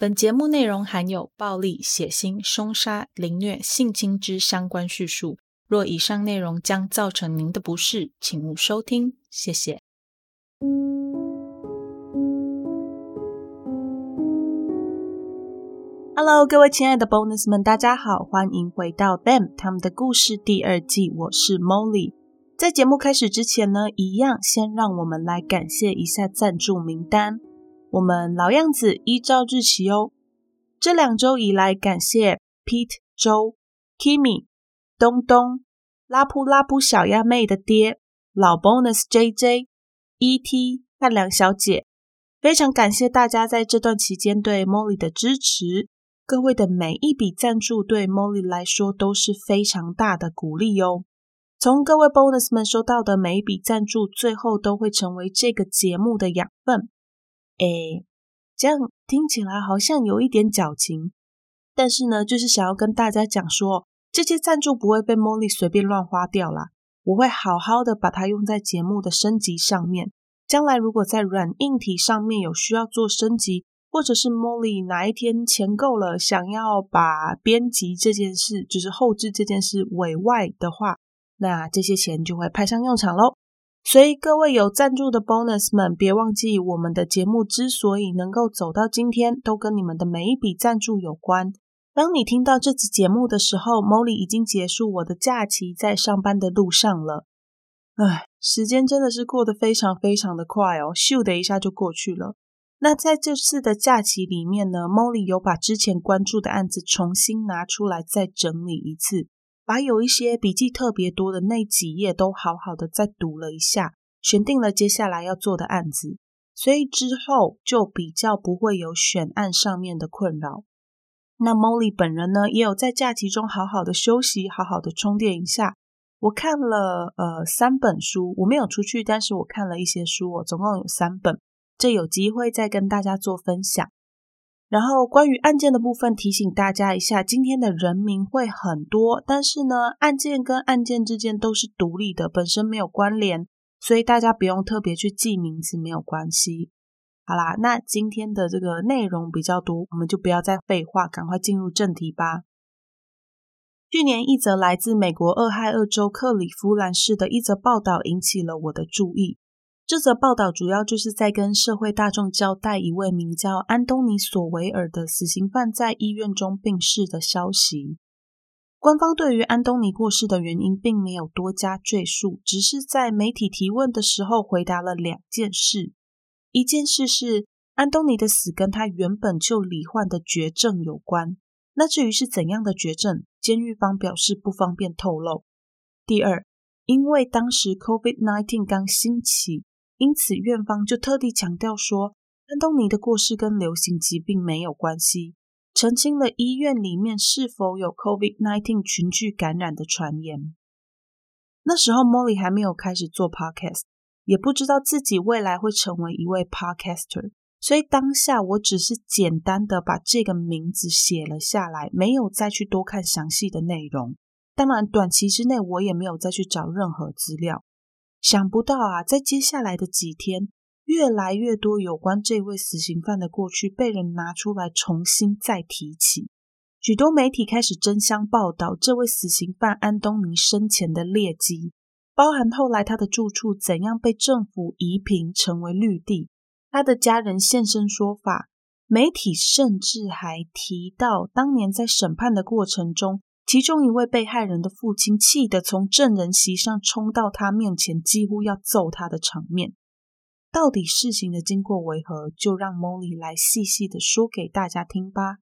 本節目內容含有暴力、血腥、兇殺、凌虐、性侵之相關敘述，若以上內容將造成您的不適，請勿收聽。謝謝。Hello，各位親愛的 Bonus 們，大家好，歡迎回到《THEM 他們的故事》第二季，我是 Molly。在節目開始之前呢，一樣先讓我們來感謝一下贊助名單。我們老樣子依照日期哦。這兩周以來，感謝 Pete、周、Kimi、東東、啦噗啦噗小鴨妹的爹、老 Bonus JJ、ET、梁小姐，非常感謝大家在這段期間對 Molly 的支持。各位的每一筆贊助對 Molly 來說都是非常大的鼓勵哦。從各位 Bonus 們收到的每一筆贊助，最後都會成為這個節目的養分。誒，這樣聽起來好像有一點矯情，但是呢，就是想要跟大家講說，這些贊助不會被 Molly 隨便亂花掉啦，我會好好的把它用在節目的升級上面。將來如果在軟硬體上面有需要做升級，或者是 Molly 哪一天錢夠了，想要把編輯這件事，就是後製這件事委外的話，那這些錢就會派上用場嘍。所以各位有贊助的 bonus 們，別忘記我們的節目之所以能夠走到今天，都跟你們的每一筆贊助有關。當你聽到這期節目的時候，Molly 已經結束我的假期，在上班的路上了。唉，時間真的是過得非常非常的快哦，咻的一下就過去了。那在這次的假期裡面呢，Molly 有把之前關注的案子重新拿出來再整理一次。把有一些筆記特別多的那幾頁都好好的再讀了一下，選定了接下來要做的案子，所以之後就比較不會有選案上面的困擾。那 Molly 本人呢，也有在假期中好好的休息，好好的充電一下。我看了呃，三本書，我沒有出去，但是我看了一些書，我總共有三本，這有機會再跟大家做分享。然後關於案件的部分，提醒大家一下，今天的人名會很多，但是呢，案件跟案件之間都是獨立的，本身沒有關聯，所以大家不用特別去記名字，沒有關係。好啦，那今天的這個內容比較多，我們就不要再廢話，趕快進入正題吧。去年一則來自美國俄亥俄州克里夫蘭市的一則報道引起了我的注意。這則報道主要就是在跟社會大眾交代一位名叫安東尼·索維爾的死刑犯在醫院中病逝的消息。官方對於安東尼過世的原因並沒有多加贅述，只是在媒體提問的時候回答了兩件事：一件事是安東尼的死跟他原本就罹患的絕症有關；那至於是怎樣的絕症，監獄方表示不方便透露。第二，因為當時 COVID-19 剛興起。因此，院方就特地強調說，安東尼的過世跟流行疾病沒有關係，澄清了醫院裡面是否有 COVID-19 群聚感染的傳言。那時候，莫莉還沒有開始做 podcast，也不知道自己未來會成為一位 podcaster，所以當下我只是簡單的把這個名字寫了下來，沒有再去多看詳細的內容。當然，短期之內我也沒有再去找任何資料。想不到啊，在接下來的幾天，越來越多有關這位死刑犯的過去被人拿出來重新再提起。許多媒體開始爭相報道這位死刑犯安東尼生前的劣跡，包含後來他的住處怎樣被政府夷平成為綠地，他的家人現身說法，媒體甚至還提到當年在審判的過程中。其中一位被害人的父親氣得從證人席上衝到他面前，幾乎要揍他的場面，到底事情的經過為何？就讓 Molly 來細細的說給大家聽吧。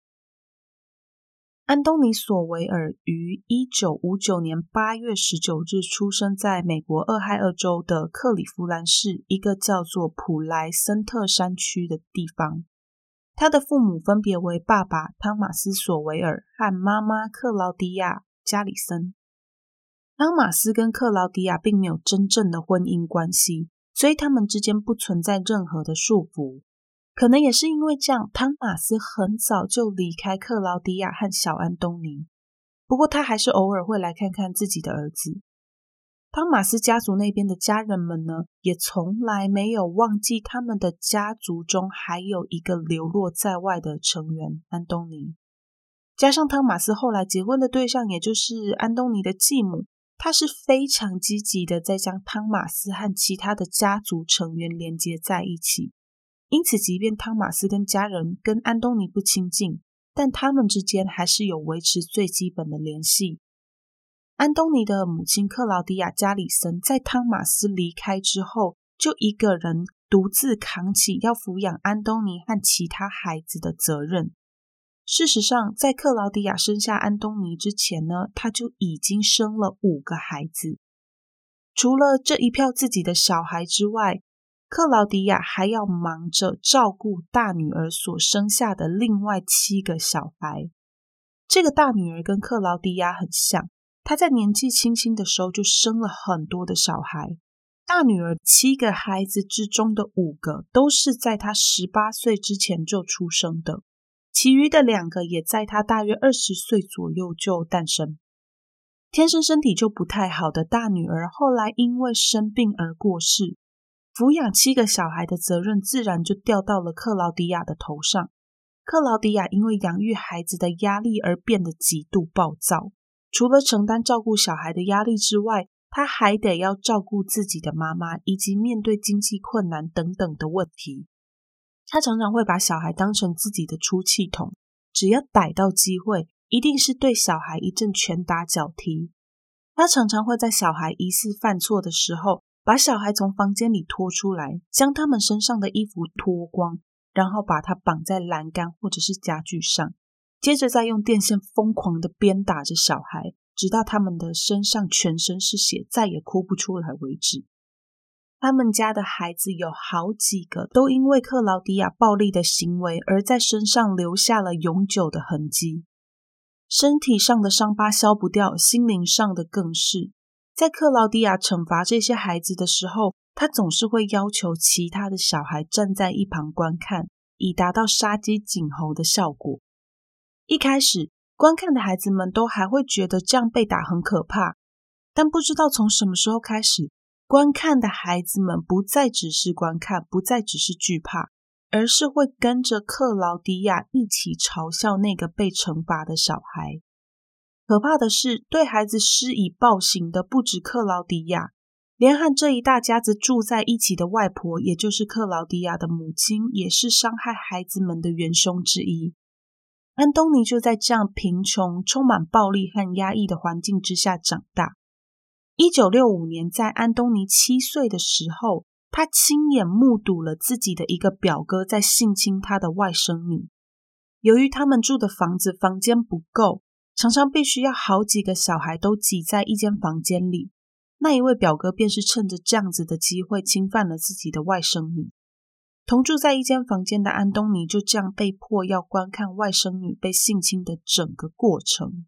安東尼·索維爾於一九五九年八月十九日出生在美國俄亥俄州的克里夫蘭市一個叫做普萊森特山區的地方。他的父母分別為爸爸湯馬斯·索維爾和媽媽克勞迪亞·加里森。湯馬斯跟克勞迪亞並沒有真正的婚姻關係，所以他們之間不存在任何的束縛。可能也是因為這樣，湯馬斯很早就離開克勞迪亞和小安東尼，不過他還是偶爾會來看看自己的兒子。湯馬斯家族那邊的家人們呢，也從來沒有忘記他們的家族中還有一個流落在外的成員安東尼。加上湯馬斯後來結婚的對象，也就是安東尼的繼母，她是非常積極的在將湯馬斯和其他的家族成員連接在一起。因此，即便湯馬斯跟家人跟安東尼不親近，但他們之間還是有維持最基本的聯繫。安東尼的母親克勞迪亞·加里森在湯馬斯離開之後，就一個人獨自扛起要撫養安東尼和其他孩子的責任。事實上，在克勞迪亞生下安東尼之前呢，她就已經生了五個孩子。除了這一票自己的小孩之外，克勞迪亞還要忙着照顧大女兒所生下的另外七個小孩。這個大女兒跟克勞迪亞很像。她在年紀輕輕的時候就生了很多的小孩，大女兒七個孩子之中的五個都是在她十八歲之前就出生的，其餘的兩個也在她大約二十歲左右就誕生。天生身體就不太好的大女兒後來因為生病而過世，撫養七個小孩的責任自然就掉到了克勞迪亞的頭上。克勞迪亞因為養育孩子的壓力而變得極度暴躁。除了承擔照顧小孩的壓力之外，他還得要照顧自己的媽媽，以及面對經濟困難等等的問題。他常常會把小孩當成自己的出氣筒，只要逮到機會，一定是對小孩一陣拳打腳踢。他常常會在小孩疑似犯錯的時候，把小孩從房間裡拖出來，將他們身上的衣服脫光，然後把他綁在欄杆或者是家具上。接着，再用電線瘋狂的鞭打着小孩，直到他們的身上全身是血，再也哭不出來為止。他們家的孩子有好幾個，都因為克勞迪亞暴力的行為而在身上留下了永久的痕迹。身體上的傷疤消不掉，心靈上的更是。在克勞迪亞懲罰這些孩子的時候，他總是會要求其他的小孩站在一旁觀看，以達到殺雞儆猴的效果。一開始，觀看的孩子們都還會覺得這樣被打很可怕，但不知道從什麼時候開始，觀看的孩子們不再只是觀看，不再只是懼怕，而是會跟着克勞迪亞一起嘲笑那個被懲罰的小孩。可怕的是，對孩子施以暴行的不止克勞迪亞，連和這一大家子住在一起的外婆，也就是克勞迪亞的母親，也是傷害孩子們的元凶之一。安東尼就在這樣貧窮、充滿暴力和壓抑的環境之下長大。一九六五年，在安東尼七歲的時候，他親眼目睹了自己的一個表哥在性侵他的外甥女。由於他們住的房子房間不夠，常常必須要好幾個小孩都擠在一間房間裡。那一位表哥便是趁着這樣子的機會侵犯了自己的外甥女。同住在一間房間的安東尼就這樣被迫要觀看外甥女被性侵的整個過程。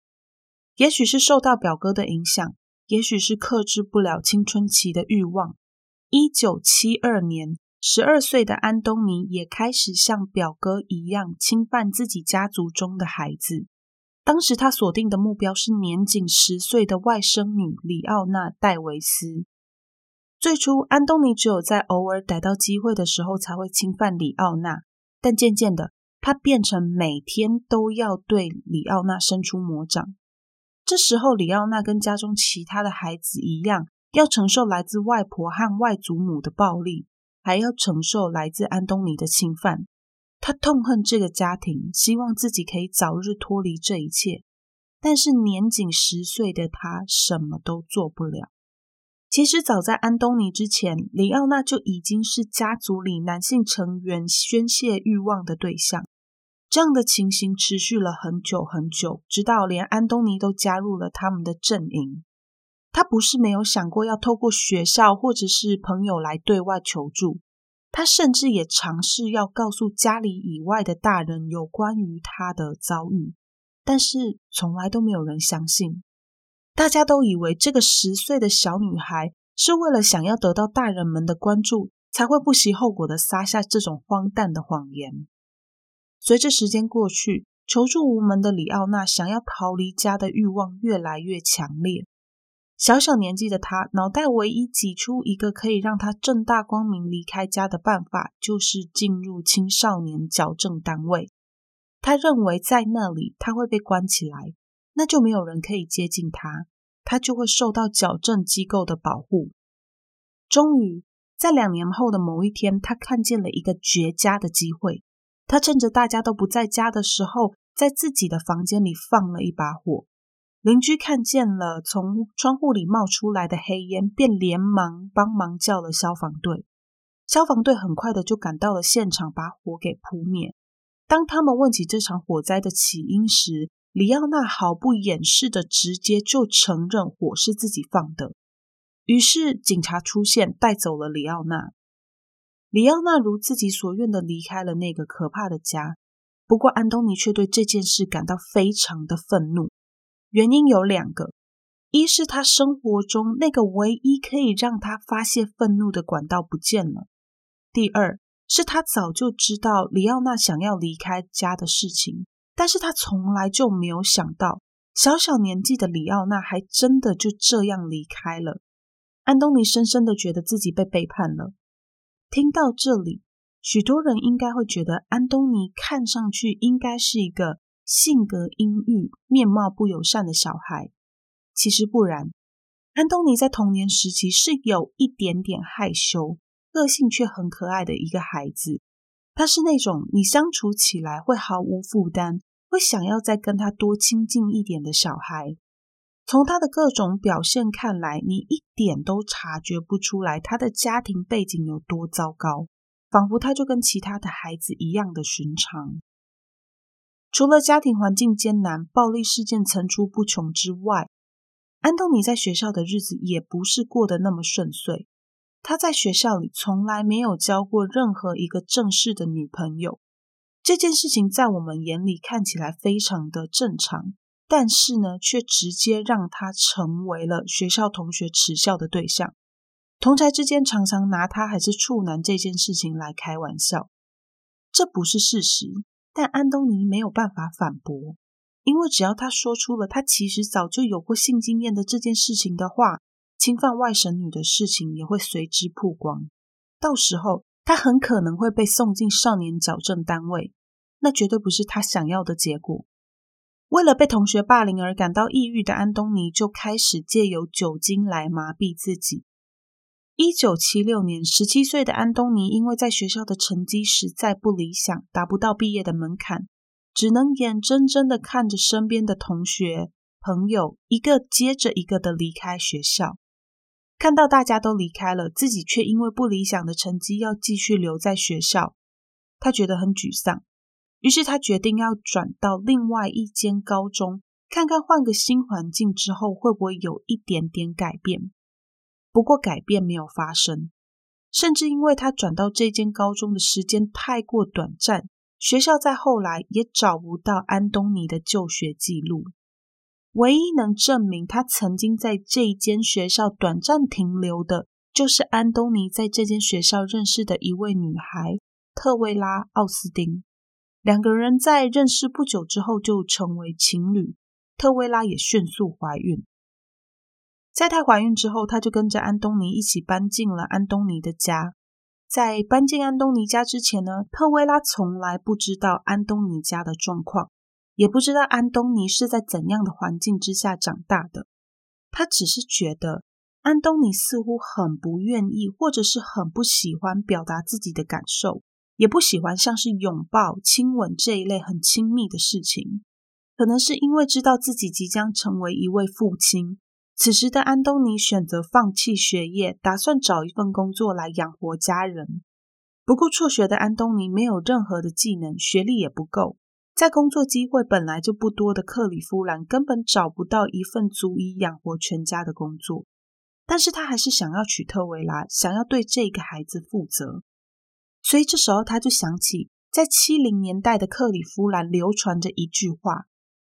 也許是受到表哥的影響，也許是克制不了青春期的慾望，一九七二年，十二歲的安東尼也開始像表哥一樣侵犯自己家族中的孩子。當時他鎖定的目標是年僅十歲的外甥女李奧娜·戴維斯。最初，安東尼只有在偶爾逮到機會的時候才會侵犯李奧娜，但漸漸的，他變成每天都要對李奧娜伸出魔掌。這時候，李奧娜跟家中其他的孩子一樣，要承受來自外婆和外祖母的暴力，還要承受來自安東尼的侵犯。他痛恨這個家庭，希望自己可以早日脫離這一切，但是年僅十歲的他什麼都做不了。其實早在安東尼之前，李奧娜就已經是家族裡男性成員宣洩慾望的對象。這樣的情形持續了很久很久，直到連安東尼都加入了他們的陣營。他不是沒有想過要透過學校或者是朋友來對外求助，他甚至也嘗試要告訴家裡以外的大人有關於他的遭遇，但是從來都沒有人相信。大家都以為這個十歲的小女孩是為了想要得到大人們的關注，才會不惜後果地撒下這種荒誕的謊言。隨着時間過去，求助無門的李奧娜想要逃離家的慾望越來越強烈。小小年紀的她，腦袋唯一擠出一個可以讓她正大光明離開家的辦法，就是進入青少年矯正單位。她認為在那裡，她會被關起來。那就沒有人可以接近他，他就會受到矯正機構的保護。終於，在兩年後的某一天，他看見了一個絕佳的機會。他趁着大家都不在家的時候，在自己的房間裡放了一把火。鄰居看見了從窗戶裡冒出來的黑煙，便連忙幫忙叫了消防隊。消防隊很快的就趕到了現場，把火給撲滅。當他們問起這場火災的起因時，李奧娜毫不掩飾的直接就承認火是自己放的，於是警察出現，帶走了李奧娜。李奧娜如自己所願的離開了那個可怕的家。不過安東尼卻對這件事感到非常的憤怒，原因有兩個：一是他生活中那個唯一可以讓他發洩憤怒的管道不見了；第二是他早就知道李奧娜想要離開家的事情。但是他從來就沒有想到，小小年紀的李奧娜還真的就這樣離開了。安東尼深深地覺得自己被背叛了。聽到這裡，許多人應該會覺得安東尼看上去應該是一個性格陰鬱、面貌不友善的小孩。其實不然，安東尼在童年時期是有一點點害羞、個性卻很可愛的一個孩子。他是那種你相處起來會毫無負擔，會想要再跟他多親近一點的小孩，從他的各種表現看來，你一點都察覺不出來他的家庭背景有多糟糕，仿佛他就跟其他的孩子一樣的尋常。除了家庭環境艱難、暴力事件層出不窮之外，安東尼在學校的日子也不是過得那麼順遂。他在學校裡從來沒有交過任何一個正式的女朋友。這件事情在我們眼裡看起來非常的正常，但是呢，卻直接讓他成為了學校同學恥笑的對象。同儕之間常常拿他還是處男這件事情來開玩笑，這不是事實，但安東尼沒有辦法反駁，因為只要他說出了他其實早就有過性經驗的這件事情的話，侵犯外甥女的事情也會隨之曝光，到時候。他很可能會被送進少年矯正單位，那絕對不是他想要的結果。為了被同學霸凌而感到抑鬱的安東尼，就開始借由酒精來麻痹自己。一九七六年，十七歲的安東尼因為在學校的成績實在不理想，達不到畢業的門檻，只能眼睜睜的看着身邊的同學朋友一個接着一個的離開學校。看到大家都離開了，自己卻因為不理想的成績要繼續留在學校，他覺得很沮喪。於是他決定要轉到另外一間高中，看看換個新環境之後會不會有一點點改變。不過改變沒有發生，甚至因為他轉到這間高中的時間太過短暫，學校在後來也找不到安東尼的就學記錄。唯一能證明他曾經在這一間學校短暫停留的，就是安東尼在這間學校認識的一位女孩特維拉·奧斯汀。兩個人在認識不久之後就成為情侶，特維拉也迅速懷孕。在她懷孕之後，她就跟着安東尼一起搬進了安東尼的家。在搬進安東尼家之前呢，特維拉從來不知道安東尼家的狀況。也不知道安東尼是在怎樣的環境之下長大的，他只是覺得安東尼似乎很不願意，或者是很不喜歡表達自己的感受，也不喜歡像是擁抱、親吻這一類很親密的事情。可能是因為知道自己即將成為一位父親，此時的安東尼選擇放棄學業，打算找一份工作來養活家人。不過輟學的安東尼沒有任何的技能，學歷也不夠。在工作機會本來就不多的克里夫蘭，根本找不到一份足以養活全家的工作。但是他還是想要娶特維拉，想要對這個孩子負責。所以這時候他就想起，在七零年代的克里夫蘭流傳着一句話，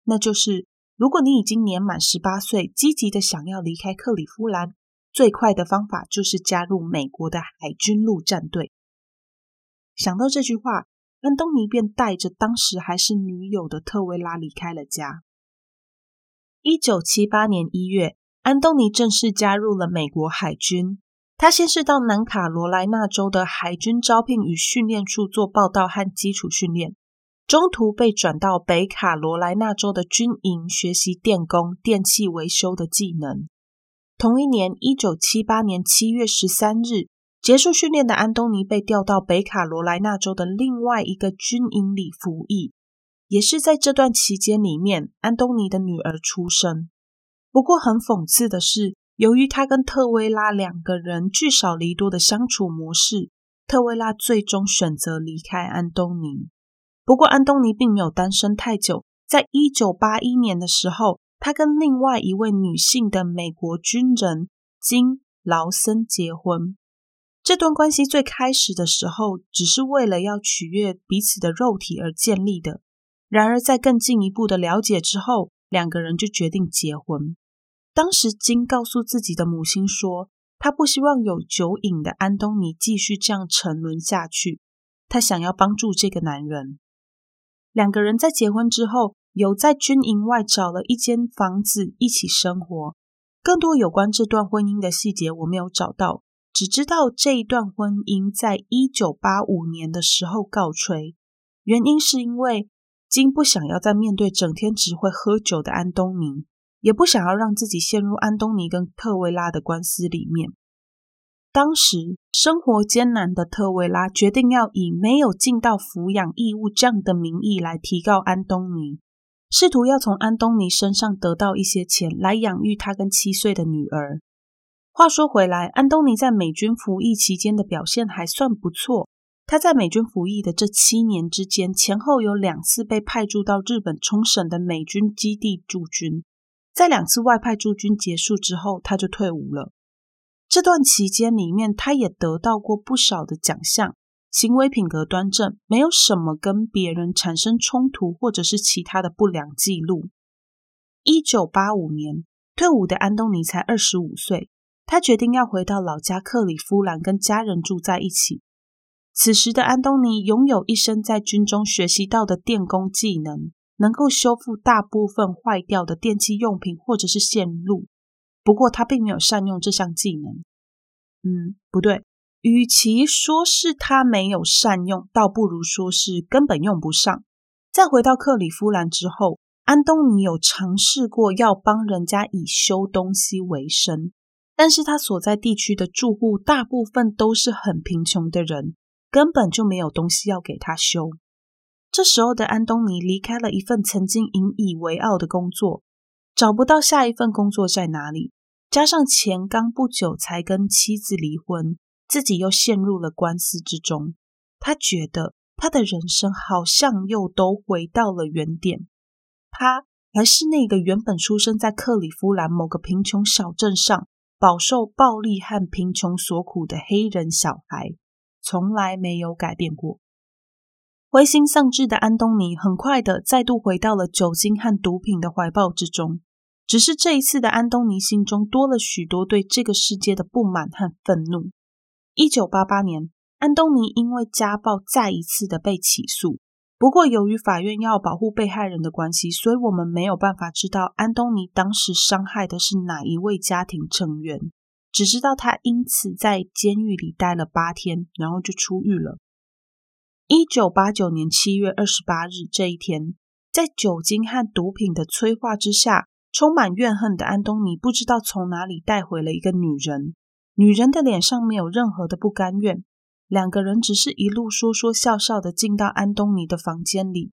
那就是：如果你已經年滿十八歲，積極的想要離開克里夫蘭，最快的方法就是加入美國的海軍陸戰隊。想到這句話。安東尼便帶着當時還是女友的特維拉離開了家。一九七八年一月，安東尼正式加入了美國海軍。他先是到南卡羅來納州的海軍招聘與訓練處做報道和基礎訓練，中途被轉到北卡羅來納州的軍營學習電工、電器維修的技能。同一年，一九七八年七月十三日。結束訓練的安東尼被調到北卡羅來納州的另外一個軍營裡服役，也是在這段期間裡面，安東尼的女兒出生。不過很諷刺的是，由於他跟特維拉兩個人聚少離多的相處模式，特維拉最終選擇離開安東尼。不過安東尼並沒有單身太久，在1981年的時候，他跟另外一位女性的美國軍人金勞森結婚。這段關係最開始的時候，只是為了要取悅彼此的肉體而建立的。然而，在更進一步的了解之後，兩個人就決定結婚。當時，金告訴自己的母親說：“她不希望有酒癮的安東尼繼續這樣沉淪下去，她想要幫助這個男人。”兩個人在結婚之後，有在軍營外找了一間房子一起生活。更多有關這段婚姻的細節，我沒有找到。只知道這一段婚姻在一九八五年的時候告吹，原因是因為金不想要再面對整天只會喝酒的安東尼，也不想要讓自己陷入安東尼跟特維拉的官司裡面。當時生活艱難的特維拉決定要以沒有盡到撫養義務這樣的名義來提告安東尼，試圖要從安東尼身上得到一些錢來養育他跟七歲的女兒。話說回來，安東尼在美軍服役期間的表現還算不錯。他在美軍服役的這七年之間，前後有兩次被派駐到日本沖繩的美軍基地駐軍。在兩次外派駐軍結束之後，他就退伍了。這段期間裡面，他也得到過不少的獎項，行為品格端正，沒有什麼跟別人產生衝突或者是其他的不良記錄。一九八五年退伍的安東尼才二十五歲。他決定要回到老家克里夫蘭，跟家人住在一起。此時的安東尼擁有一身在軍中學習到的電工技能，能夠修復大部分壞掉的電器用品或者是線路。不過他並沒有善用這項技能。嗯，不對，與其說是他沒有善用，倒不如說是根本用不上。在回到克里夫蘭之後，安東尼有嘗試過要幫人家以修東西為生。但是他所在地區的住戶大部分都是很貧窮的人，根本就沒有東西要給他修。這時候的安東尼離開了一份曾經引以為傲的工作，找不到下一份工作在哪裡，加上前剛不久才跟妻子離婚，自己又陷入了官司之中，他覺得他的人生好像又都回到了原點。他還是那個原本出生在克里夫蘭某個貧窮小鎮上。飽受暴力和貧窮所苦的黑人小孩，從來沒有改變過。灰心喪志的安東尼，很快的再度回到了酒精和毒品的懷抱之中。只是這一次的安東尼，心中多了許多對這個世界的不滿和憤怒。一九八八年，安東尼因為家暴再一次的被起訴。不過，由於法院要保護被害人的關係，所以我們沒有辦法知道安東尼當時傷害的是哪一位家庭成員，只知道他因此在監獄裡待了八天，然後就出獄了。一九八九年七月二十八日這一天，在酒精和毒品的催化之下，充滿怨恨的安東尼不知道從哪裡帶回了一個女人，女人的臉上沒有任何的不甘願。兩個人只是一路說說笑笑的進到安東尼的房間裡，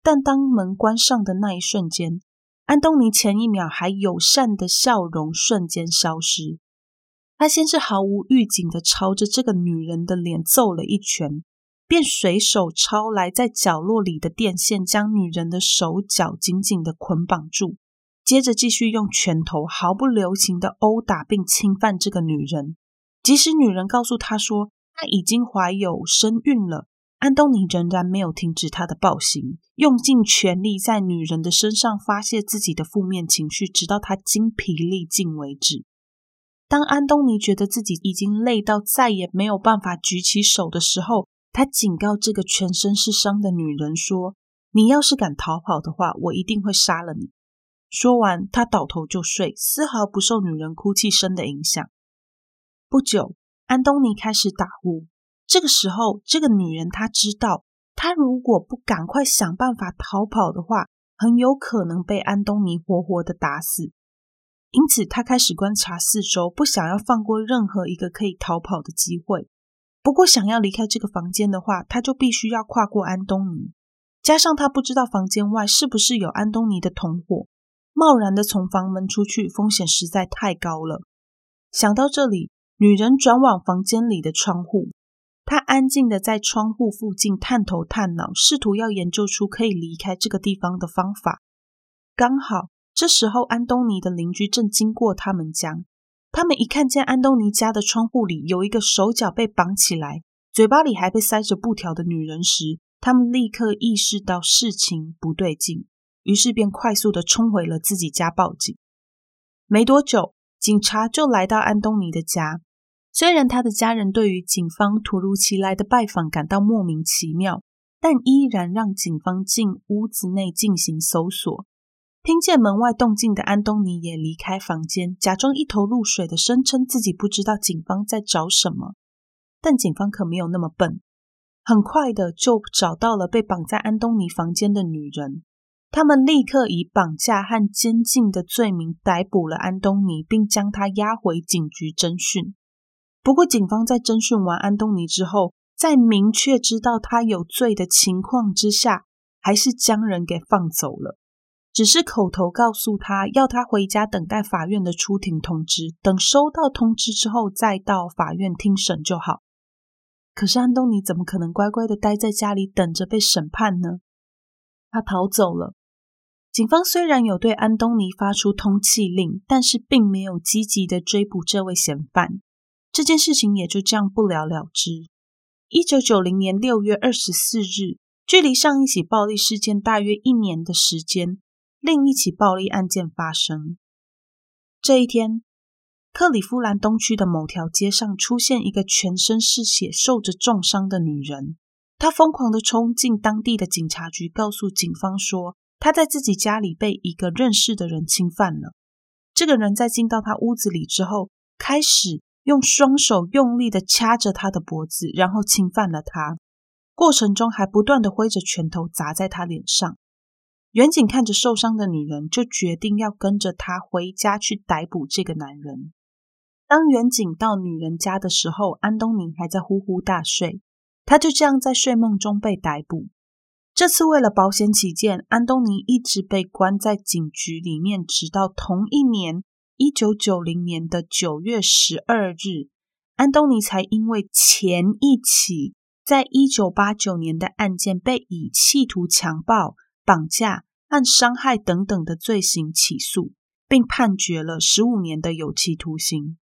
但當門關上的那一瞬間，安東尼前一秒還友善的笑容瞬間消失。他先是毫無預警的朝着這個女人的臉揍了一拳，便隨手抄來在角落裡的電線，將女人的手腳緊緊的捆綁住，接着繼續用拳頭毫不留情的毆打並侵犯這個女人。即使女人告訴他說。他已經懷有身孕了，安東尼仍然沒有停止他的暴行，用盡全力在女人的身上發洩自己的負面情緒，直到她精疲力盡為止。當安東尼覺得自己已經累到再也沒有辦法舉起手的時候，他警告這個全身是傷的女人說：“你要是敢逃跑的話，我一定會殺了你。”說完，他倒頭就睡，絲毫不受女人哭泣聲的影響。不久。安東尼開始打呼，這個時候，這個女人她知道，她如果不趕快想辦法逃跑的話，很有可能被安東尼活活的打死。因此，她開始觀察四周，不想要放過任何一個可以逃跑的機會。不過，想要離開這個房間的話，她就必須要跨過安東尼。加上她不知道房間外是不是有安東尼的同夥，貿然的從房門出去，風險實在太高了。想到這裡。女人轉往房間裡的窗戶，她安靜的在窗戶附近探頭探腦，試圖要研究出可以離開這個地方的方法。剛好這時候，安東尼的鄰居正經過他們家，他們一看見安東尼家的窗戶裡有一個手腳被綁起來、嘴巴裡還被塞着布條的女人時，他們立刻意識到事情不對勁，於是便快速的衝回了自己家報警。沒多久，警察就來到安東尼的家。雖然他的家人對於警方突如其來的拜訪感到莫名其妙，但依然讓警方進屋子內進行搜索。聽見門外動靜的安東尼也離開房間，假裝一頭霧水的聲稱自己不知道警方在找什麼。但警方可沒有那麼笨，很快的就找到了被綁在安東尼房間的女人。他們立刻以綁架和監禁的罪名逮捕了安東尼，並將他押回警局偵訊。不過，警方在偵訊完安東尼之後，在明確知道他有罪的情況之下，還是將人給放走了，只是口頭告訴他要他回家等待法院的出庭通知，等收到通知之後再到法院聽審就好。可是，安東尼怎麼可能乖乖的待在家裡等着被審判呢？他逃走了。警方雖然有對安東尼發出通緝令，但是並沒有積極的追捕這位嫌犯。這件事情也就這樣不了了之。一九九零年六月二十四日，距離上一起暴力事件大約一年的時間，另一起暴力案件發生。這一天，克里夫蘭東區的某條街上出現一個全身是血、受着重傷的女人。她瘋狂的衝進當地的警察局，告訴警方說她在自己家裡被一個認識的人侵犯了。這個人在進到她屋子裡之後，開始。用雙手用力的掐着他的脖子，然後侵犯了他，過程中還不斷的揮着拳頭砸在他臉上。員警看着受傷的女人，就決定要跟着她回家去逮捕這個男人。當員警到女人家的時候，安東尼還在呼呼大睡。他就這樣在睡夢中被逮捕。這次為了保險起見，安東尼一直被關在警局裡面，直到同一年，一九九零年的九月十二日，安東尼才因為前一起在一九八九年的案件被以企圖強暴、綁架、按傷害等等的罪行起訴，並判決了十五年的有期徒刑。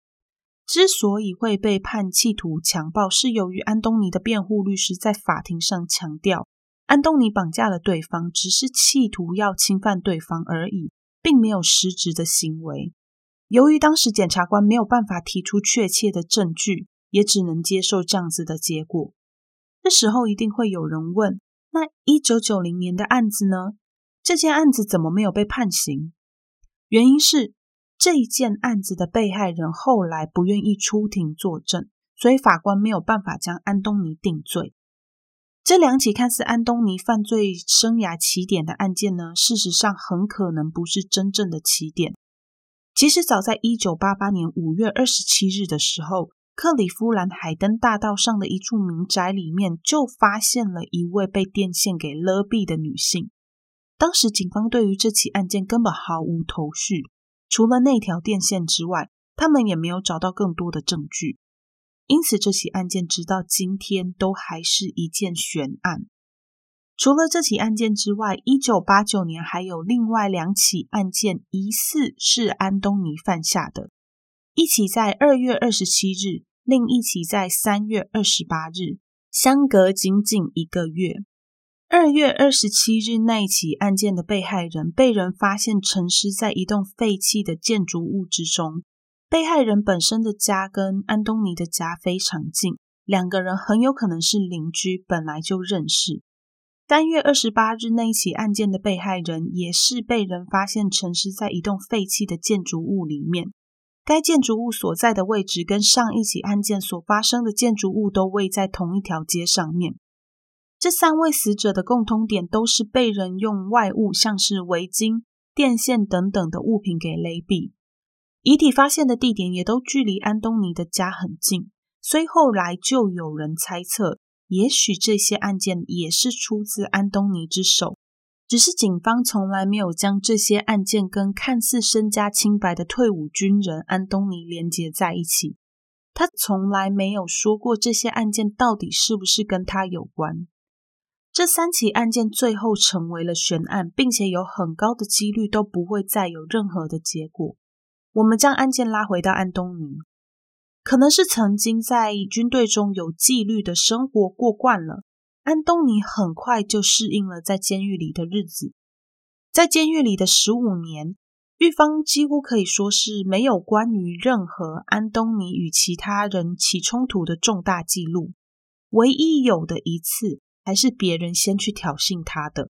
之所以會被判企圖強暴，是由於安東尼的辯護律師在法庭上強調，安東尼綁架了對方，只是企圖要侵犯對方而已，並沒有實質的行為。由於當時檢察官沒有辦法提出確切的證據，也只能接受這樣子的結果。這時候一定會有人問：那一九九零年的案子呢？這件案子怎麼沒有被判刑？原因是這一件案子的被害人後來不願意出庭作證，所以法官沒有辦法將安東尼定罪。這兩起看似安東尼犯罪生涯起點的案件呢，事實上很可能不是真正的起點。其實，早在一九八八年五月二十七日的時候，克里夫蘭海登大道上的一處民宅裡面，就發現了一位被電線給勒斃的女性。當時，警方對於這起案件根本毫無頭緒，除了那條電線之外，他們也沒有找到更多的證據。因此，這起案件直到今天都還是一件懸案。除了這起案件之外，一九八九年還有另外兩起案件，疑似是安東尼犯下的。一起在二月二十七日，另一起在三月二十八日，相隔僅僅一個月。二月二十七日那起案件的被害人被人發現陳屍在一棟廢棄的建築物之中。被害人本身的家跟安東尼的家非常近，兩個人很有可能是鄰居，本來就認識。三月二十八日那一起案件的被害人也是被人發現陳屍在一棟廢棄的建築物裡面。該建築物所在的位置跟上一起案件所發生的建築物都位在同一條街上面。這三位死者的共通點都是被人用外物，像是圍巾、電線等等的物品給勒斃。遺體發現的地點也都距離安東尼的家很近，所以後來就有人猜測。也許這些案件也是出自安東尼之手，只是警方從來沒有將這些案件跟看似身家清白的退伍軍人安東尼連接在一起。他從來沒有說過這些案件到底是不是跟他有關。這三起案件最後成為了懸案，並且有很高的幾率都不會再有任何的結果。我們將案件拉回到安東尼。可能是曾經在軍隊中有紀律的生活過慣了，安東尼很快就適應了在監獄裡的日子。在監獄裡的十五年，獄方幾乎可以說是沒有關於任何安東尼與其他人起衝突的重大記錄。唯一有的一次，還是別人先去挑釁他的。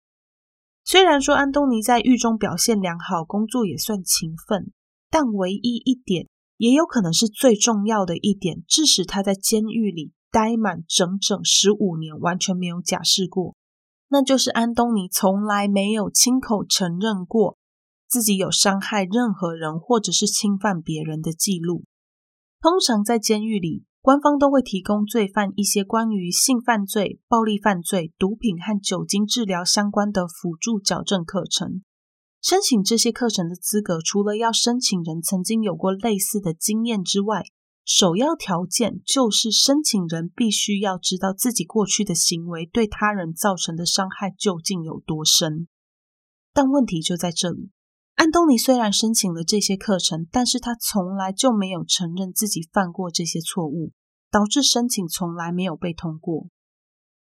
雖然說安東尼在獄中表現良好，工作也算勤奮，但唯一一點。也有可能是最重要的一點，致使他在監獄裡待滿整整十五年，完全沒有假釋過。那就是安東尼從來沒有親口承認過自己有傷害任何人或者是侵犯別人的記錄。通常在監獄裡，官方都會提供罪犯一些關於性犯罪、暴力犯罪、毒品和酒精治療相關的輔助矯正課程。申請這些課程的資格，除了要申請人曾經有過類似的經驗之外，首要條件就是申請人必須要知道自己過去的行為對他人造成的傷害究竟有多深。但問題就在這裡，安東尼雖然申請了這些課程，但是他從來就沒有承認自己犯過這些錯誤，導致申請從來沒有被通過。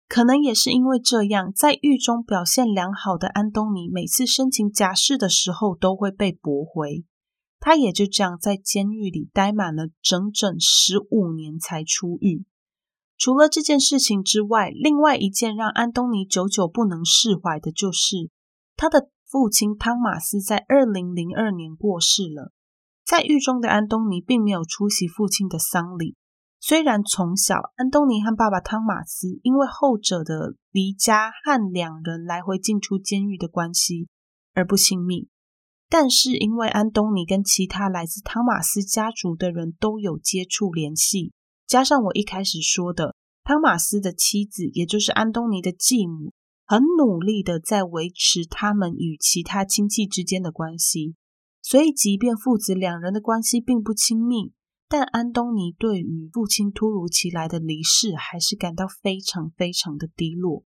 可能也是因為這樣，在獄中表現良好的安東尼，每次申請假釋的時候都會被駁回。他也就這樣在監獄裡待滿了整整十五年才出獄。除了這件事情之外，另外一件讓安東尼久久不能釋懷的就是他的父親湯馬斯在二零零二年過世了。在獄中的安東尼並沒有出席父親的喪禮。雖然從小，安東尼和爸爸湯馬斯因為後者的離家和兩人來回進出監獄的關係而不親密，但是因為安東尼跟其他來自湯馬斯家族的人都有接觸聯繫，加上我一開始說的湯馬斯的妻子，也就是安東尼的繼母，很努力的在維持他們與其他親戚之間的關係，所以即便父子兩人的關係並不親密，但安東尼對於父親突如其來的離世，還是感到非常非常的低落。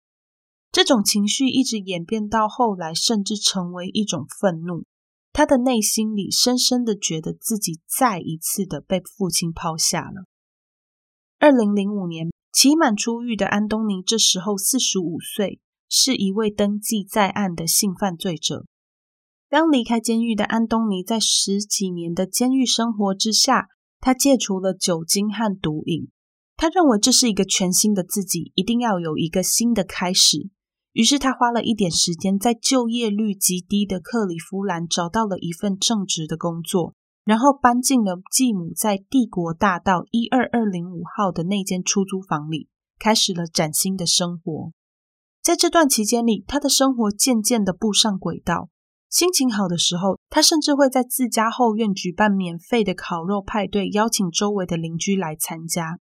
這種情緒一直演變到後來，甚至成為一種憤怒。他的內心裡深深的覺得自己再一次的被父親拋下了。二零零五年，期滿出獄的安東尼，這時候四十五歲，是一位登記在案的性犯罪者。剛離開監獄的安東尼，在十幾年的監獄生活之下，他戒除了酒精和毒癮，他認為這是一個全新的自己，一定要有一個新的開始。於是他花了一點時間，在就業率極低的克里夫蘭找到了一份正職的工作，然後搬進了繼母在帝國大道一二二零五號的那間出租房裡，開始了嶄新的生活。在這段期間裡，他的生活漸漸地步上軌道。心情好的時候，他甚至會在自家後院舉辦免費的烤肉派對，邀請周圍的鄰居來參加。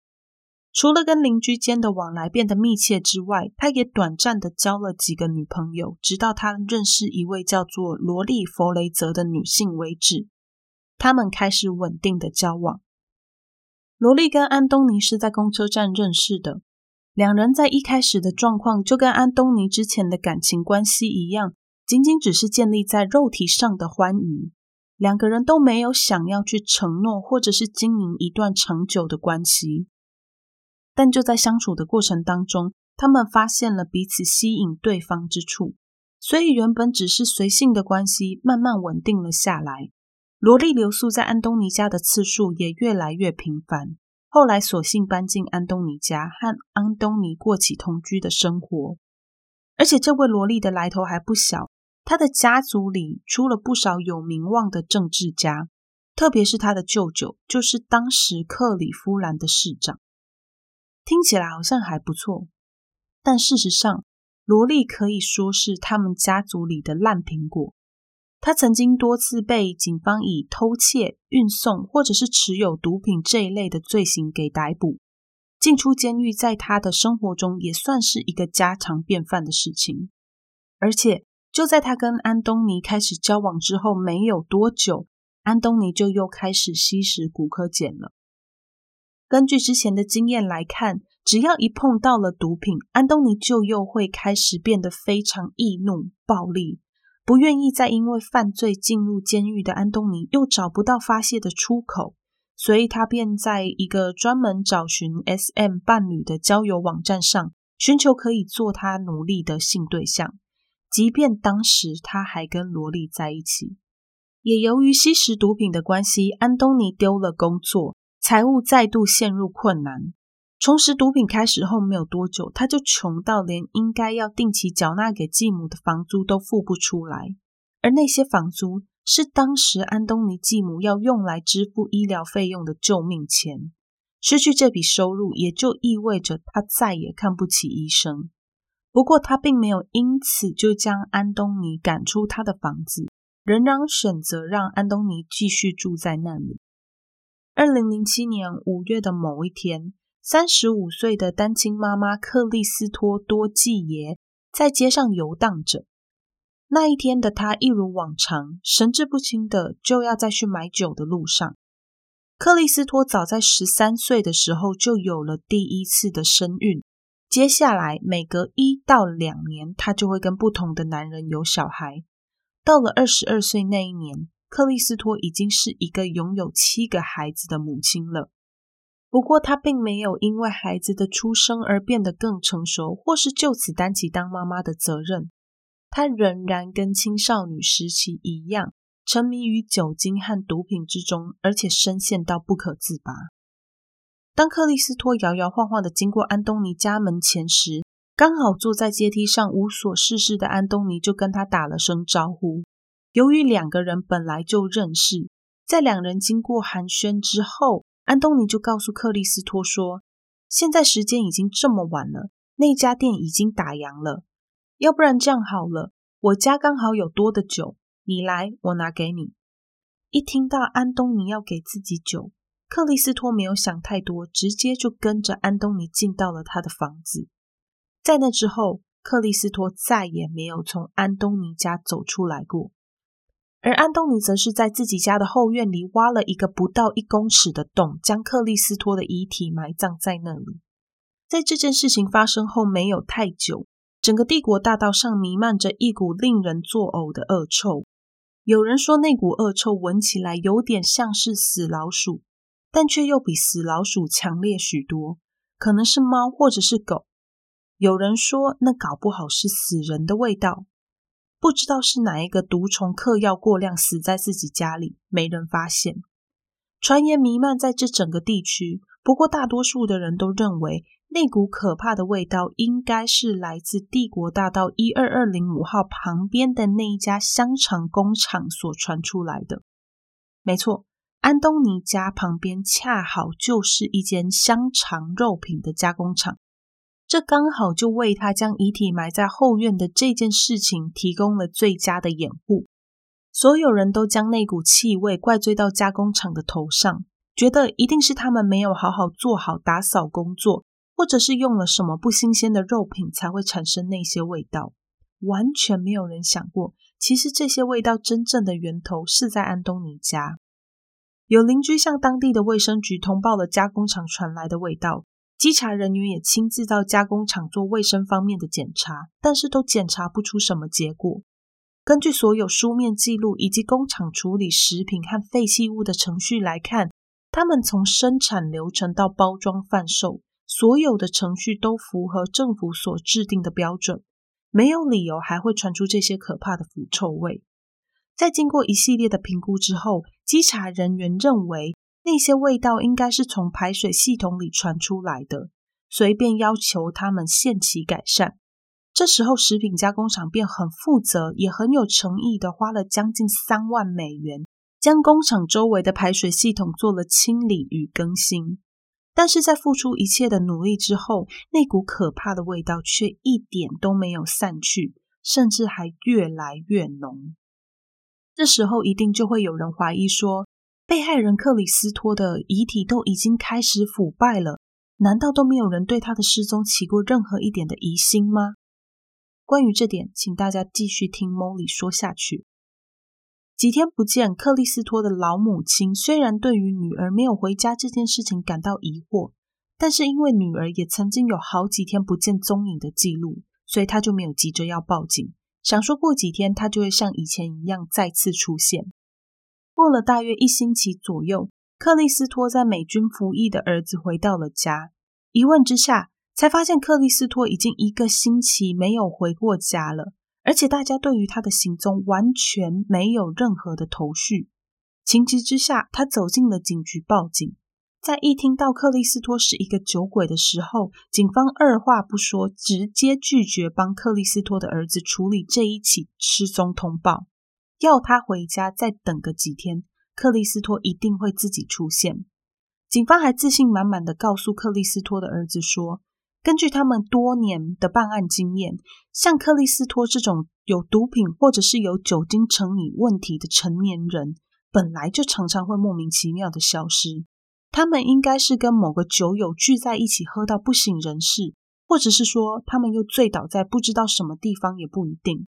除了跟鄰居間的往來變得密切之外，他也短暫的交了幾個女朋友，直到他認識一位叫做羅莉·弗雷澤的女性為止。他們開始穩定的交往。羅莉跟安東尼是在公車站認識的，兩人在一開始的狀況就跟安東尼之前的感情關係一樣。僅僅只是建立在肉體上的歡愉，兩個人都沒有想要去承諾或者是經營一段長久的關係。但就在相處的過程當中，他們發現了彼此吸引對方之處，所以原本只是隨性的關係慢慢穩定了下來。蘿莉留宿在安東尼家的次數也越來越頻繁，後來索性搬進安東尼家，和安東尼過起同居的生活。而且這位蘿莉的來頭還不小。他的家族裡出了不少有名望的政治家，特別是他的舅舅，就是當時克里夫蘭的市長。聽起來好像還不錯，但事實上，羅麗可以說是他們家族裡的爛蘋果。他曾經多次被警方以偷竊、運送或者是持有毒品這一類的罪行給逮捕，進出監獄在他的生活中也算是一個家常便飯的事情，而且。就在他跟安東尼開始交往之後沒有多久，安東尼就又開始吸食古柯鹼了。根據之前的經驗來看，只要一碰到了毒品，安東尼就又會開始變得非常易怒、暴力。不願意再因為犯罪進入監獄的安東尼，又找不到發洩的出口，所以他便在一個專門找尋 SM 伴侶的交友網站上，尋求可以做他奴隸的性對象。即便當時他還跟蘿莉在一起，也由於吸食毒品的關係，安東尼丟了工作，財務再度陷入困難。重拾毒品開始後沒有多久，他就窮到連應該要定期繳納給繼母的房租都付不出來，而那些房租是當時安東尼繼母要用來支付醫療費用的救命錢。失去這筆收入，也就意味着他再也看不起醫生。不過，他並沒有因此就將安東尼趕出他的房子，仍然選擇讓安東尼繼續住在那裡。二零零七年五月的某一天，三十五歲的單親媽媽克里斯托多季耶在街上遊蕩着。那一天的他一如往常，神志不清的就要再去買酒的路上。克里斯托早在十三歲的時候就有了第一次的身孕。接下來，每隔一到兩年，她就會跟不同的男人有小孩。到了二十二歲那一年，克里斯托已經是一個擁有七個孩子的母親了。不過，她並沒有因為孩子的出生而變得更成熟，或是就此擔起當媽媽的責任。她仍然跟青少女時期一樣，沉迷於酒精和毒品之中，而且深陷到不可自拔。當克里斯托搖搖晃晃地經過安東尼家門前時，剛好坐在階梯上無所事事的安東尼就跟他打了聲招呼。由於兩個人本來就認識，在兩人經過寒暄之後，安東尼就告訴克里斯托說：“現在時間已經這麼晚了，那家店已經打烊了。要不然這樣好了，我家剛好有多的酒，你來，我拿給你。”一聽到安東尼要給自己酒，克里斯托沒有想太多，直接就跟着安東尼進到了他的房子。在那之後，克里斯托再也沒有從安東尼家走出來過。而安東尼則是在自己家的後院裡挖了一個不到一公尺的洞，將克里斯托的遺體埋葬在那裡。在這件事情發生後沒有太久，整個帝國大道上彌漫着一股令人作嘔的惡臭。有人說，那股惡臭聞起來有點像是死老鼠。但卻又比死老鼠強烈許多，可能是貓或者是狗。有人說，那搞不好是死人的味道，不知道是哪一個毒蟲嗑藥過量死在自己家裡，沒人發現。傳言瀰漫在這整個地區，不過大多數的人都認為，那股可怕的味道應該是來自帝國大道一二二零五號旁邊的那一家香腸工廠所傳出來的。沒錯。安東尼家旁邊恰好就是一間香腸肉品的加工廠，這剛好就為他將遺體埋在後院的這件事情提供了最佳的掩護。所有人都將那股氣味怪罪到加工廠的頭上，覺得一定是他們沒有好好做好打掃工作，或者是用了什麼不新鮮的肉品才會產生那些味道。完全沒有人想過，其實這些味道真正的源頭是在安東尼家。有鄰居向當地的衛生局通報了加工廠傳來的味道，稽查人員也親自到加工廠做衛生方面的檢查，但是都檢查不出什麼結果。根據所有書面記錄以及工廠處理食品和廢棄物的程序來看，他們從生產流程到包裝販售，所有的程序都符合政府所制定的標準，沒有理由還會傳出這些可怕的腐臭味。在經過一系列的評估之後，稽查人員認為那些味道應該是從排水系統裡傳出來的，所以便要求他們限期改善。這時候，食品加工廠便很負責，也很有誠意地花了將近三萬美元，將工廠周圍的排水系統做了清理與更新。但是在付出一切的努力之後，那股可怕的味道卻一點都沒有散去，甚至還越來越濃。這時候，一定就會有人懷疑說，被害人克里斯托的遺體都已經開始腐敗了，難道都沒有人對他的失蹤起過任何一點的疑心嗎？關於這點，請大家繼續聽 Molly 說下去。幾天不見，克里斯托的老母親雖然對於女兒沒有回家這件事情感到疑惑，但是因為女兒也曾經有好幾天不見蹤影的記錄，所以她就沒有急着要報警。想說過幾天他就會像以前一樣再次出現。過了大約一星期左右，克里斯托在美軍服役的兒子回到了家。一問之下，才發現克里斯托已經一個星期沒有回過家了，而且大家對於他的行蹤完全沒有任何的頭緒。情急之下，他走進了警局報警。在一聽到克里斯托是一個酒鬼的時候，警方二話不說，直接拒絕幫克里斯托的兒子處理這一起失蹤通報，要他回家再等個幾天，克里斯托一定會自己出現。警方還自信滿滿的告訴克里斯托的兒子說：“根據他們多年的辦案經驗，像克里斯托這種有毒品或者是有酒精成癮問題的成年人，本來就常常會莫名其妙的消失。”他們應該是跟某個酒友聚在一起喝到不省人事，或者是說他們又醉倒在不知道什麼地方也不一定。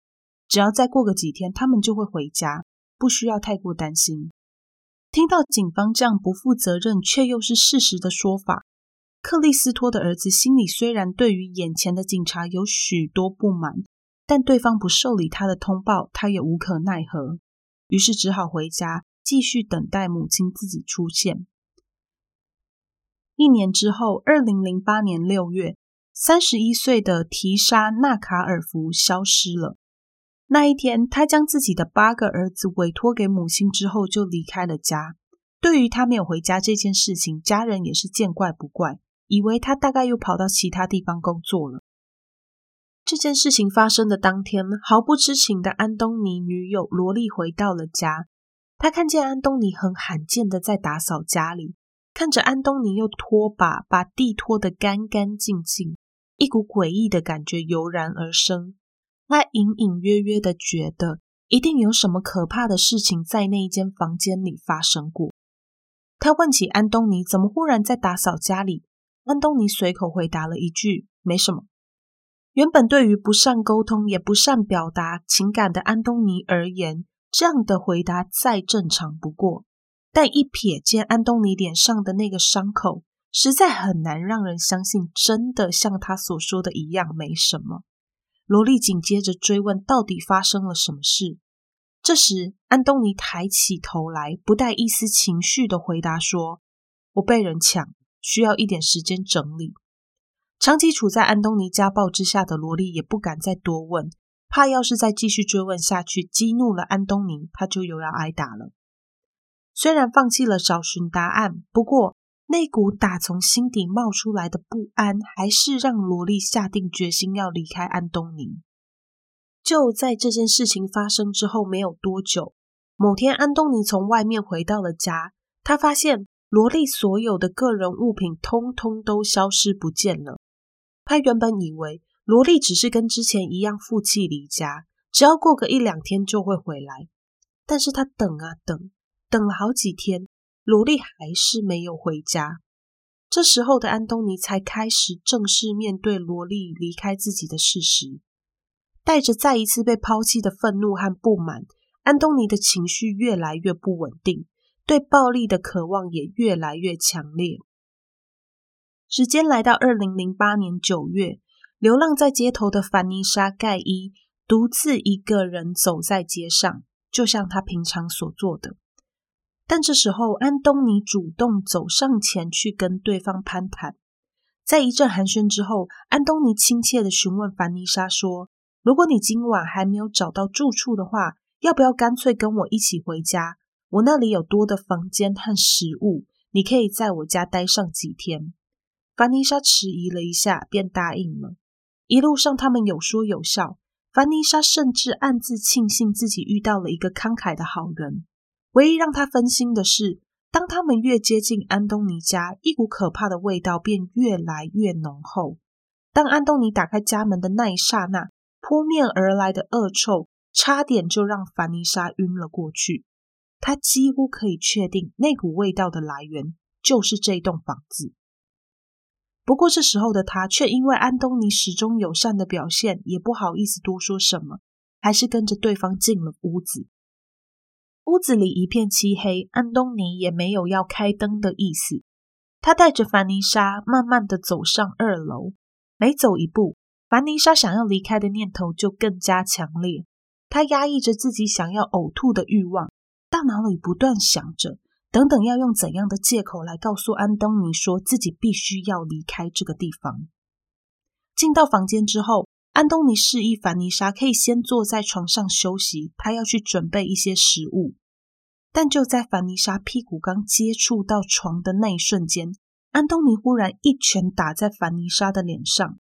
只要再過個幾天，他們就會回家，不需要太過擔心。聽到警方這樣不負責任卻又是事實的說法，克里斯托的兒子心裡雖然對於眼前的警察有許多不滿，但對方不受理他的通報，他也無可奈何，於是只好回家繼續等待母親自己出現。一年之後，二零零八年六月，三十一歲的提沙納卡爾福消失了。那一天，他將自己的八個兒子委托給母親之後，就離開了家。對於他沒有回家這件事情，家人也是見怪不怪，以為他大概又跑到其他地方工作了。這件事情發生的當天，毫不知情的安東尼女友羅莉回到了家，她看見安東尼很罕見的在打掃家裡。看着安東尼用拖把把地拖得乾乾淨淨，一股詭異的感覺油然而生。他隱隱約約的覺得，一定有什麼可怕的事情在那一間房間裡發生過。他問起安東尼怎麼忽然在打掃家裡，安東尼隨口回答了一句：“沒什麼。”原本對於不善溝通也不善表達情感的安東尼而言，這樣的回答再正常不過。但一瞥見安東尼臉上的那個傷口，實在很難讓人相信，真的像他所說的一樣沒什麼。羅麗緊接着追問到底發生了什麼事。這時，安東尼抬起頭來，不帶一絲情緒的回答說：“我被人搶，需要一點時間整理。”長期處在安東尼家暴之下的羅麗也不敢再多問，怕要是再繼續追問下去，激怒了安東尼，他就又要捱打了。雖然放棄了找尋答案，不過那股打從心底冒出來的不安，還是讓蘿莉下定決心要離開安東尼。就在這件事情發生之後沒有多久，某天安東尼從外面回到了家，他發現蘿莉所有的個人物品通通都消失不見了。他原本以為蘿莉只是跟之前一樣負氣離家，只要過個一兩天就會回來，但是他等啊等。等了好幾天，羅莉還是沒有回家。這時候的安東尼才開始正式面對羅莉離開自己的事實，帶着再一次被拋棄的憤怒和不滿，安東尼的情緒越來越不穩定，對暴力的渴望也越來越強烈。時間來到二零零八年九月，流浪在街頭的凡妮莎·蓋伊獨自一個人走在街上，就像他平常所做的。但這時候，安東尼主動走上前去跟對方攀談。在一陣寒暄之後，安東尼親切地詢問凡妮莎說：“如果你今晚還沒有找到住處的話，要不要乾脆跟我一起回家？我那裡有多的房間和食物，你可以在我家待上幾天。”凡妮莎遲疑了一下，便答應了。一路上，他們有說有笑。凡妮莎甚至暗自慶幸自己遇到了一個慷慨的好人。唯一讓他分心的是，當他們越接近安東尼家，一股可怕的味道便越來越濃厚。當安東尼打開家門的那一剎那，撲面而來的惡臭差點就讓凡妮莎暈了過去。他幾乎可以確定，那股味道的來源就是這棟房子。不過這時候的他，卻因為安東尼始終友善的表現，也不好意思多說什麼，還是跟着對方進了屋子。屋子裡一片漆黑，安東尼也沒有要開燈的意思。他帶着凡妮莎慢慢的走上二樓，每走一步，凡妮莎想要離開的念頭就更加強烈。他壓抑着自己想要嘔吐的欲望，大腦裡不斷想着，等等要用怎樣的借口來告訴安東尼說自己必須要離開這個地方。進到房間之後。安東尼示意凡妮莎可以先坐在床上休息，他要去準備一些食物。但就在凡妮莎屁股剛接觸到床的那一瞬間，安東尼忽然一拳打在凡妮莎的臉上。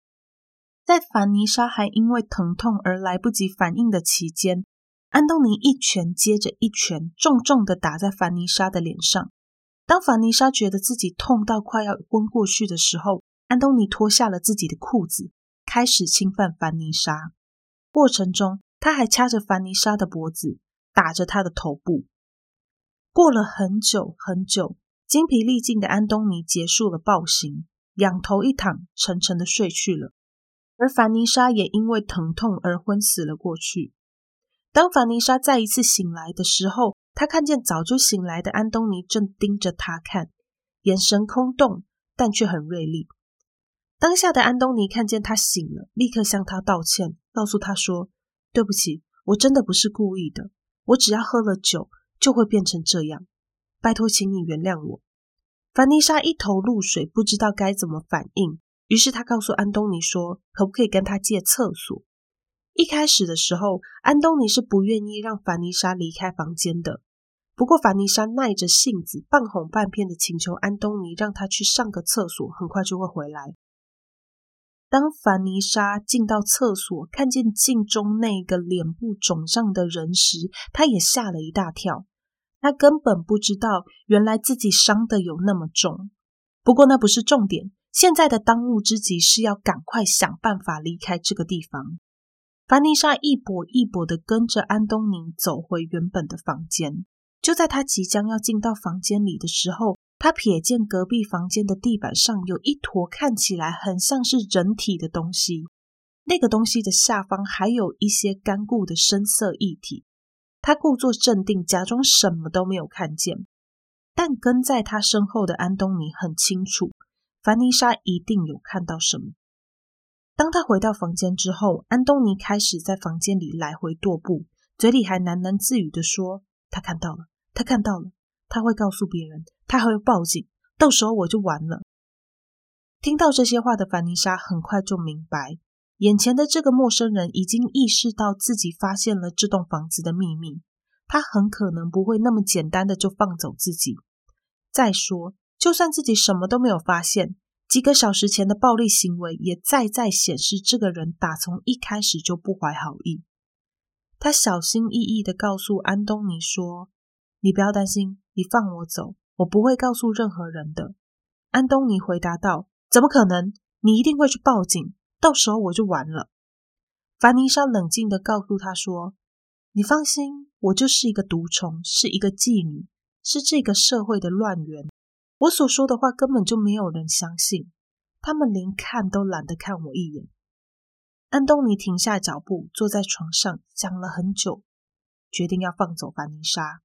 在凡妮莎還因為疼痛而來不及反應的期間，安東尼一拳接着一拳重重的打在凡妮莎的臉上。當凡妮莎覺得自己痛到快要昏過去的時候，安東尼脫下了自己的褲子。開始侵犯凡妮莎，過程中他還掐着凡妮莎的脖子，打着她的頭部。過了很久很久，精疲力盡的安東尼結束了暴行，仰頭一躺，沉沉的睡去了。而凡妮莎也因為疼痛而昏死了過去。當凡妮莎再一次醒來的時候，她看見早就醒來的安東尼正盯着她看，眼神空洞，但卻很銳利。當下的安東尼看見他醒了，立刻向他道歉，告訴他說：“對不起，我真的不是故意的。我只要喝了酒就會變成這樣。拜托，請你原諒我。”凡妮莎一頭霧水，不知道該怎麼反應。於是他告訴安東尼說：“可不可以跟他借廁所？”一開始的時候，安東尼是不願意讓凡妮莎離開房間的。不過凡妮莎耐着性子，半哄半騙的請求安東尼讓他去上個廁所，很快就會回來。當凡妮莎進到廁所，看見鏡中那個臉部腫脹的人時，她也嚇了一大跳。她根本不知道，原來自己傷得有那麼重。不過那不是重點，現在的當務之急是要趕快想辦法離開這個地方。凡妮莎一跛一跛的跟着安東尼走回原本的房間。就在她即將要進到房間裡的時候。他瞥見隔壁房間的地板上有一坨看起來很像是人體的東西，那個東西的下方還有一些乾固的深色液體。他故作鎮定，假裝什麼都沒有看見，但跟在他身後的安東尼很清楚，凡妮莎一定有看到什麼。當他回到房間之後，安東尼開始在房間裡來回踱步，嘴裡還喃喃自語地說：“他看到了，他看到了。”他會告訴別人，他還會報警，到時候我就完了。聽到這些話的凡妮莎很快就明白，眼前的這個陌生人已經意識到自己發現了這棟房子的秘密，他很可能不會那麼簡單的就放走自己。再說，就算自己什麼都沒有發現，幾個小時前的暴力行為也再再顯示這個人打從一開始就不懷好意。他小心翼翼的告訴安東尼說。你不要擔心，你放我走，我不會告訴任何人的。”安東尼回答道。“怎麼可能？你一定會去報警，到時候我就完了。”凡妮莎冷靜地告訴他說：“你放心，我就是一個毒蟲，是一個妓女，是這個社會的亂源。我所說的話根本就沒有人相信，他們連看都懶得看我一眼。”安東尼停下腳步，坐在床上，想了很久，決定要放走凡妮莎。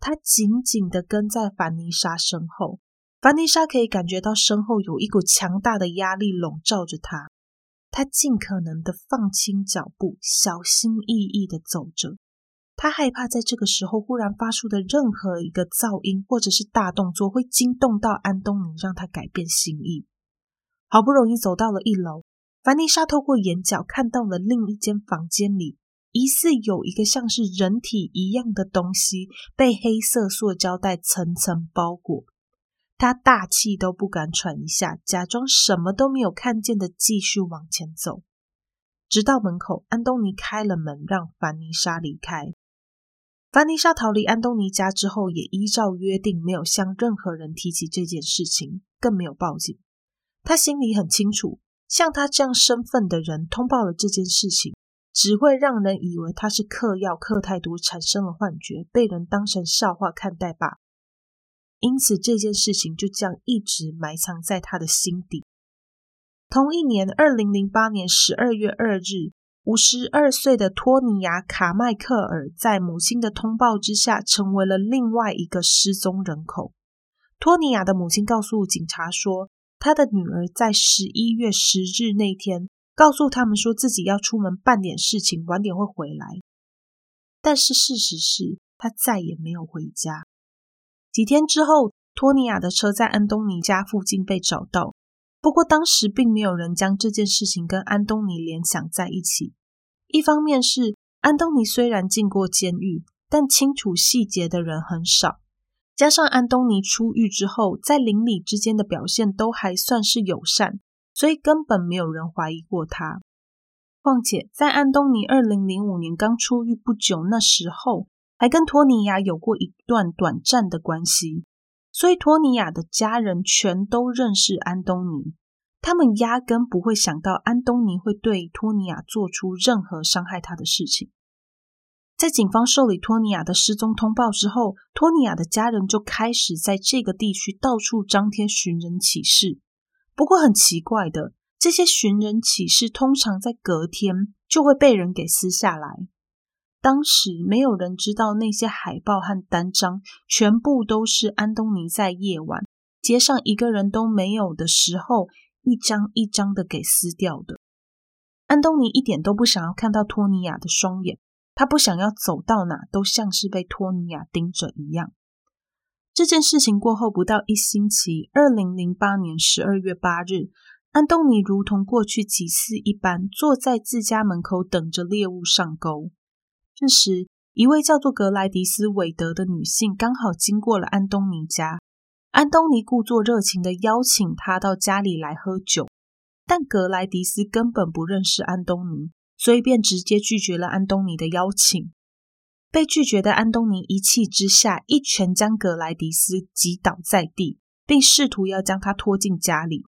他緊緊的跟在凡妮莎身後，凡妮莎可以感覺到身後有一股強大的壓力籠罩着他。他盡可能的放輕腳步，小心翼翼的走着。他害怕在這個時候忽然發出的任何一個噪音或者是大動作會驚動到安東尼，讓他改變心意。好不容易走到了一樓，凡妮莎透過眼角看到了另一間房間裡。疑似有一個像是人體一樣的東西被黑色塑膠袋層層包裹，他大氣都不敢喘一下，假裝什麼都沒有看見的繼續往前走，直到門口，安東尼開了門，讓范妮莎離開。范妮莎逃離安東尼家之後，也依照約定，沒有向任何人提起這件事情，更沒有報警。他心裡很清楚，像他這樣身份的人，通報了這件事情。只會讓人以為他是嗑藥、嗑太多產生了幻覺，被人當成笑話看待吧。因此，這件事情就這樣一直埋藏在他的心底。同一年，二零零八年十二月二日，五十二歲的托尼亞·卡麥克爾在母親的通報之下，成為了另外一個失蹤人口。托尼亞的母親告訴警察說，她的女兒在十一月十日那天，告訴他們說自己要出門辦點事情，晚點會回來。但是事實是他再也沒有回家。幾天之後，托尼亞的車在安東尼家附近被找到，不過當時並沒有人將這件事情跟安東尼聯想在一起。一方面是安東尼雖然進過監獄，但清楚細節的人很少。加上安東尼出獄之後，在鄰里之間的表現都還算是友善。所以根本沒有人懷疑過他。況且，在安東尼二零零五年剛出獄不久那時候，還跟托尼亞有過一段短暫的關係，所以托尼亞的家人全都認識安東尼，他們壓根不會想到安東尼會對托尼亞做出任何傷害他的事情。在警方受理托尼亞的失蹤通報之後，托尼亞的家人就開始在這個地區到處張貼尋人啟事。不過很奇怪的，這些尋人啟事通常在隔天就會被人給撕下來。當時沒有人知道那些海報和單張全部都是安東尼在夜晚街上一個人都沒有的時候，一張一張的給撕掉的。安東尼一點都不想要看到托尼亞的雙眼，他不想要走到哪都像是被托尼亞盯着一樣。這件事情過後不到一星期，二零零八年十二月八日，安東尼如同過去幾次一般，坐在自家門口等着獵物上鈎。這時，一位叫做格萊迪斯·韋德的女性剛好經過了安東尼家。安東尼故作熱情的邀請她到家裡來喝酒，但格萊迪斯根本不認識安東尼，所以便直接拒絕了安東尼的邀請。被拒絕的安東尼一氣之下，一拳將格萊迪斯擊倒在地，並試圖要將他拖進家裡。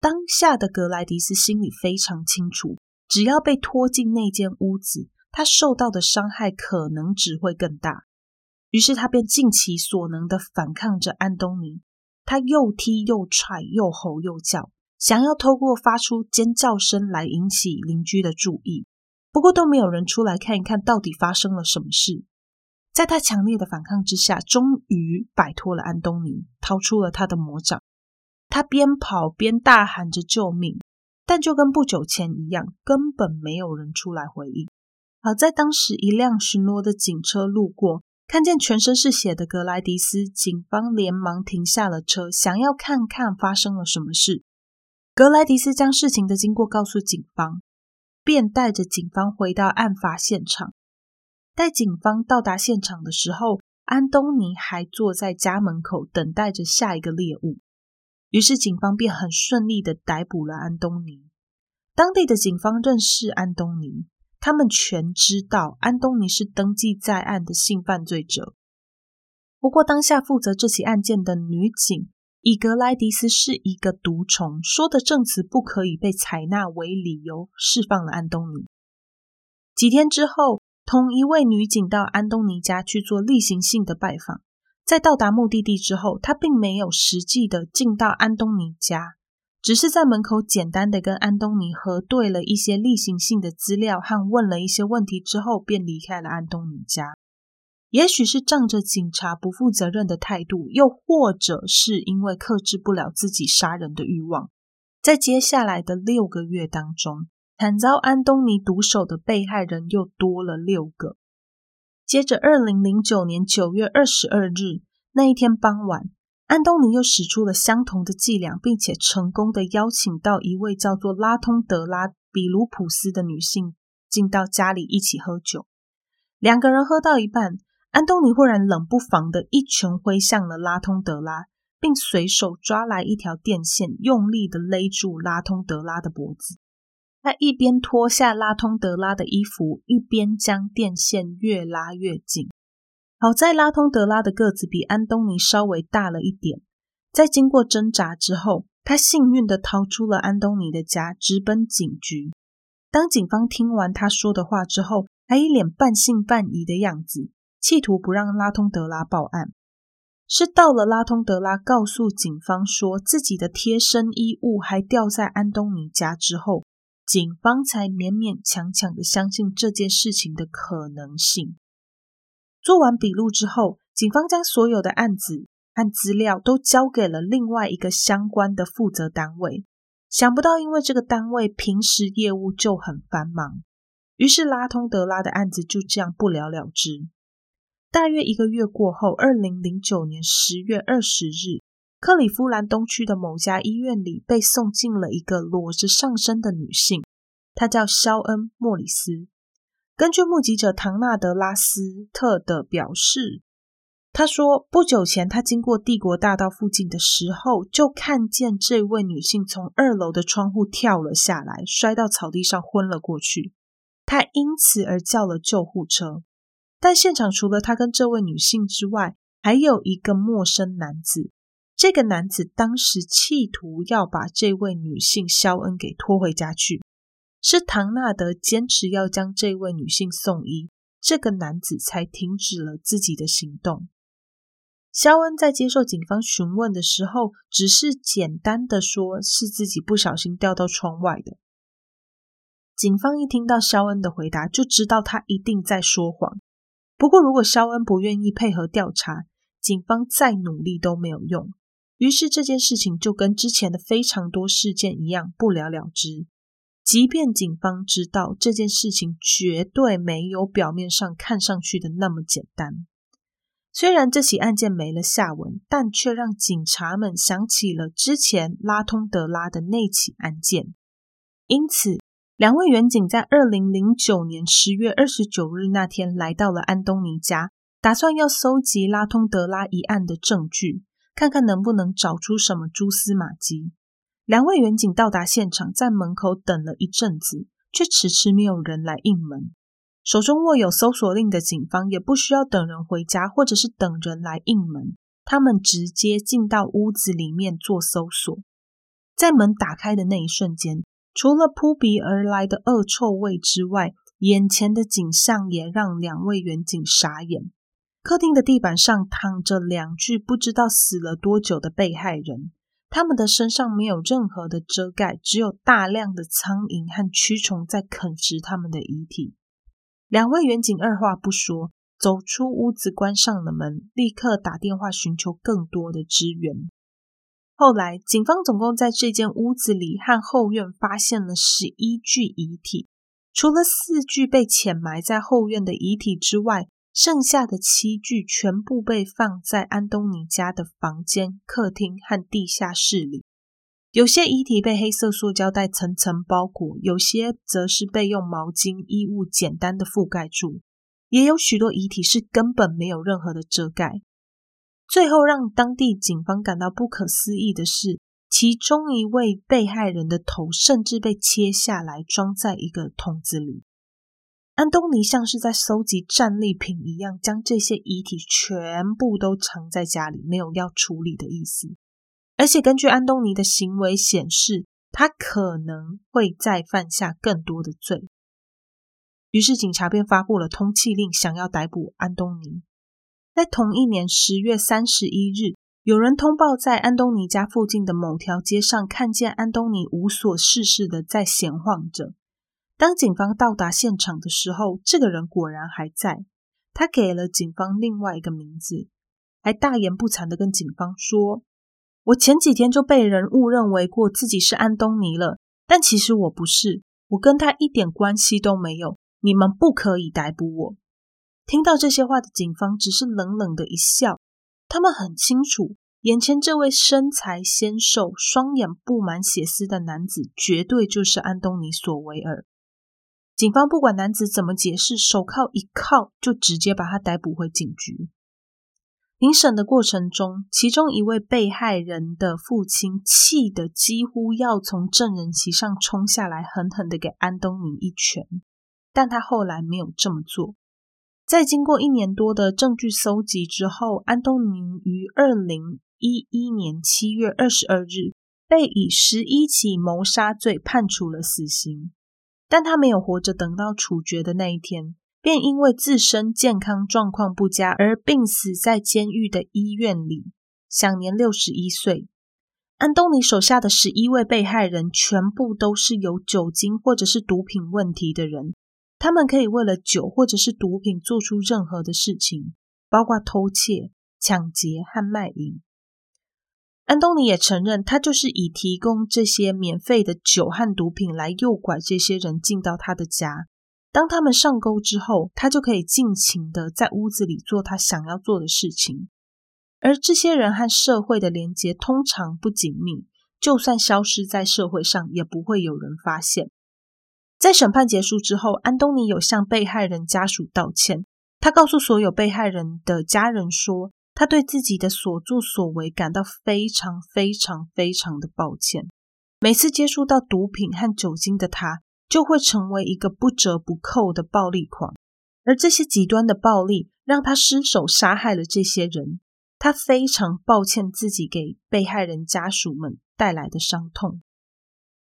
當下的格萊迪斯心裡非常清楚，只要被拖進那間屋子，他受到的傷害可能只會更大。於是，他便盡其所能的反抗着安東尼。他又踢又踹，又吼又叫，想要透過發出尖叫聲來引起鄰居的注意。不過都沒有人出來看一看到底發生了什麼事。在他強烈的反抗之下，終於擺脫了安東尼，逃出了他的魔掌。他邊跑邊大喊着救命，但就跟不久前一樣，根本沒有人出來回應。好在當時一輛巡邏的警車路過，看見全身是血的格萊迪斯，警方連忙停下了車，想要看看發生了什麼事。格萊迪斯將事情的經過告訴警方。便帶着警方回到案發現場。待警方到達現場的時候，安東尼還坐在家門口等待着下一個獵物。於是，警方便很順利的逮捕了安東尼。當地的警方認識安東尼，他們全知道安東尼是登記在案的性犯罪者。不過，當下負責這起案件的女警，以格萊迪斯是一個毒蟲說的證詞不可以被採納為理由，釋放了安東尼。幾天之後，同一位女警到安東尼家去做例行性的拜訪。在到達目的地之後，她並沒有實際的進到安東尼家，只是在門口簡單的跟安東尼核對了一些例行性的資料和問了一些問題之後，便離開了安東尼家。也許是仗着警察不負責任的態度，又或者是因為克制不了自己殺人的慾望，在接下來的六個月當中，慘遭安東尼毒手的被害人又多了六個。接着二零零九年九月二十二日那一天傍晚，安東尼又使出了相同的伎倆，並且成功地邀請到一位叫做拉通德拉比魯普斯的女性進到家裡一起喝酒。兩個人喝到一半。安東尼忽然冷不防地一拳揮向了拉通德拉，並隨手抓來一條電線，用力地勒住拉通德拉的脖子。他一邊脫下拉通德拉的衣服，一邊將電線越拉越緊。好在拉通德拉的個子比安東尼稍微大了一點，在經過掙扎之後，他幸運地逃出了安東尼的家，直奔警局。當警方聽完他說的話之後，還一臉半信半疑的樣子。企圖不讓拉通德拉報案，是到了拉通德拉告訴警方說自己的貼身衣物還掉在安東尼家之後，警方才勉勉強強的相信這件事情的可能性。做完筆錄之後，警方將所有的案子和資料都交給了另外一個相關的負責單位。想不到，因為這個單位平時業務就很繁忙，於是拉通德拉的案子就這樣不了了之。大約一個月過後，二零零九年十月二十日，克里夫蘭東區的某家醫院裡被送進了一個裸着上身的女性，她叫肖恩·莫里斯。根據目擊者唐納德·拉斯特的表示，他說不久前他經過帝國大道附近的時候，就看見這位女性從二樓的窗戶跳了下來，摔到草地上昏了過去。他因此而叫了救護車。但現場除了他跟這位女性之外，還有一個陌生男子。這個男子當時企圖要把這位女性肖恩給拖回家去，是唐納德堅持要將這位女性送醫，這個男子才停止了自己的行動。肖恩在接受警方詢問的時候，只是簡單的說：“是自己不小心掉到窗外的。”警方一聽到肖恩的回答，就知道他一定在說謊。不過，如果肖恩不願意配合調查，警方再努力都沒有用。於是這件事情就跟之前的非常多事件一樣，不了了之。即便警方知道這件事情絕對沒有表面上看上去的那麼簡單，雖然這起案件沒了下文，但卻讓警察們想起了之前拉通德拉的那起案件。因此，兩位員警在二零零九年十月二十九日那天來到了安東尼家，打算要蒐集拉通德拉一案的證據，看看能不能找出什麼蛛絲馬跡。兩位員警到達現場，在門口等了一陣子，卻遲遲沒有人來應門。手中握有搜索令的警方也不需要等人回家，或者是等人來應門，他們直接進到屋子裡面做搜索。在門打開的那一瞬間。除了撲鼻而來的惡臭味之外，眼前的景象也讓兩位員警傻眼。客廳的地板上躺着兩具不知道死了多久的被害人，他們的身上沒有任何的遮蓋，只有大量的蒼蠅和蛆蟲在啃食他們的遺體。兩位員警二話不說，走出屋子，關上了門，立刻打電話尋求更多的支援。後來，警方總共在這間屋子裡和後院發現了十一具遺體。除了四具被淺埋在後院的遺體之外，剩下的七具全部被放在安東尼家的房間、客廳和地下室裡。有些遺體被黑色塑膠袋層層包裹，有些則是被用毛巾、衣物簡單的覆蓋住，也有許多遺體是根本沒有任何的遮蓋。最後，讓當地警方感到不可思議的是，其中一位被害人的頭甚至被切下來，裝在一個桶子裡。安東尼像是在蒐集戰利品一樣，將這些遺體全部都藏在家裡，沒有要處理的意思。而且，根據安東尼的行為顯示，他可能會再犯下更多的罪。於是，警察便發布了通緝令，想要逮捕安東尼。在同一年十月三十一日，有人通報在安東尼家附近的某條街上看見安東尼無所事事的在閒晃着。當警方到達現場的時候，這個人果然還在。他給了警方另外一個名字，還大言不慚的跟警方說：“我前幾天就被人誤認為過自己是安東尼了，但其實我不是，我跟他一點關係都沒有。你們不可以逮捕我。”聽到這些話的警方只是冷冷的一笑，他們很清楚，眼前這位身材纖瘦、雙眼佈滿血絲的男子，絕對就是安東尼·索維爾。警方不管男子怎麼解釋，手銬一銬，就直接把他逮捕回警局。庭審的過程中，其中一位被害人的父親氣得幾乎要從證人席上衝下來，狠狠的給安東尼一拳，但他後來沒有這麼做。在經過一年多的證據搜集之後，安東尼於二零一一年七月二十二日被以十一起謀殺罪判處了死刑。但他沒有活着等到處決的那一天，便因為自身健康狀況不佳而病死在監獄的醫院裡，享年六十一歲。安東尼手下的十一位被害人全部都是有酒精或者是毒品問題的人。他們可以為了酒或者是毒品做出任何的事情，包括偷竊、搶劫和賣淫。安東尼也承認，他就是以提供這些免費的酒和毒品來誘拐這些人進到他的家。當他們上鈎之後，他就可以盡情的在屋子裡做他想要做的事情。而這些人和社會的連結通常不緊密，就算消失在社會上，也不會有人發現。在審判結束之後，安東尼有向被害人家屬道歉。他告訴所有被害人的家人說，他對自己的所作所為感到非常、非常、非常的抱歉。每次接觸到毒品和酒精的他，就會成為一個不折不扣的暴力狂，而這些極端的暴力讓他失手殺害了這些人。他非常抱歉自己給被害人家屬們帶來的傷痛。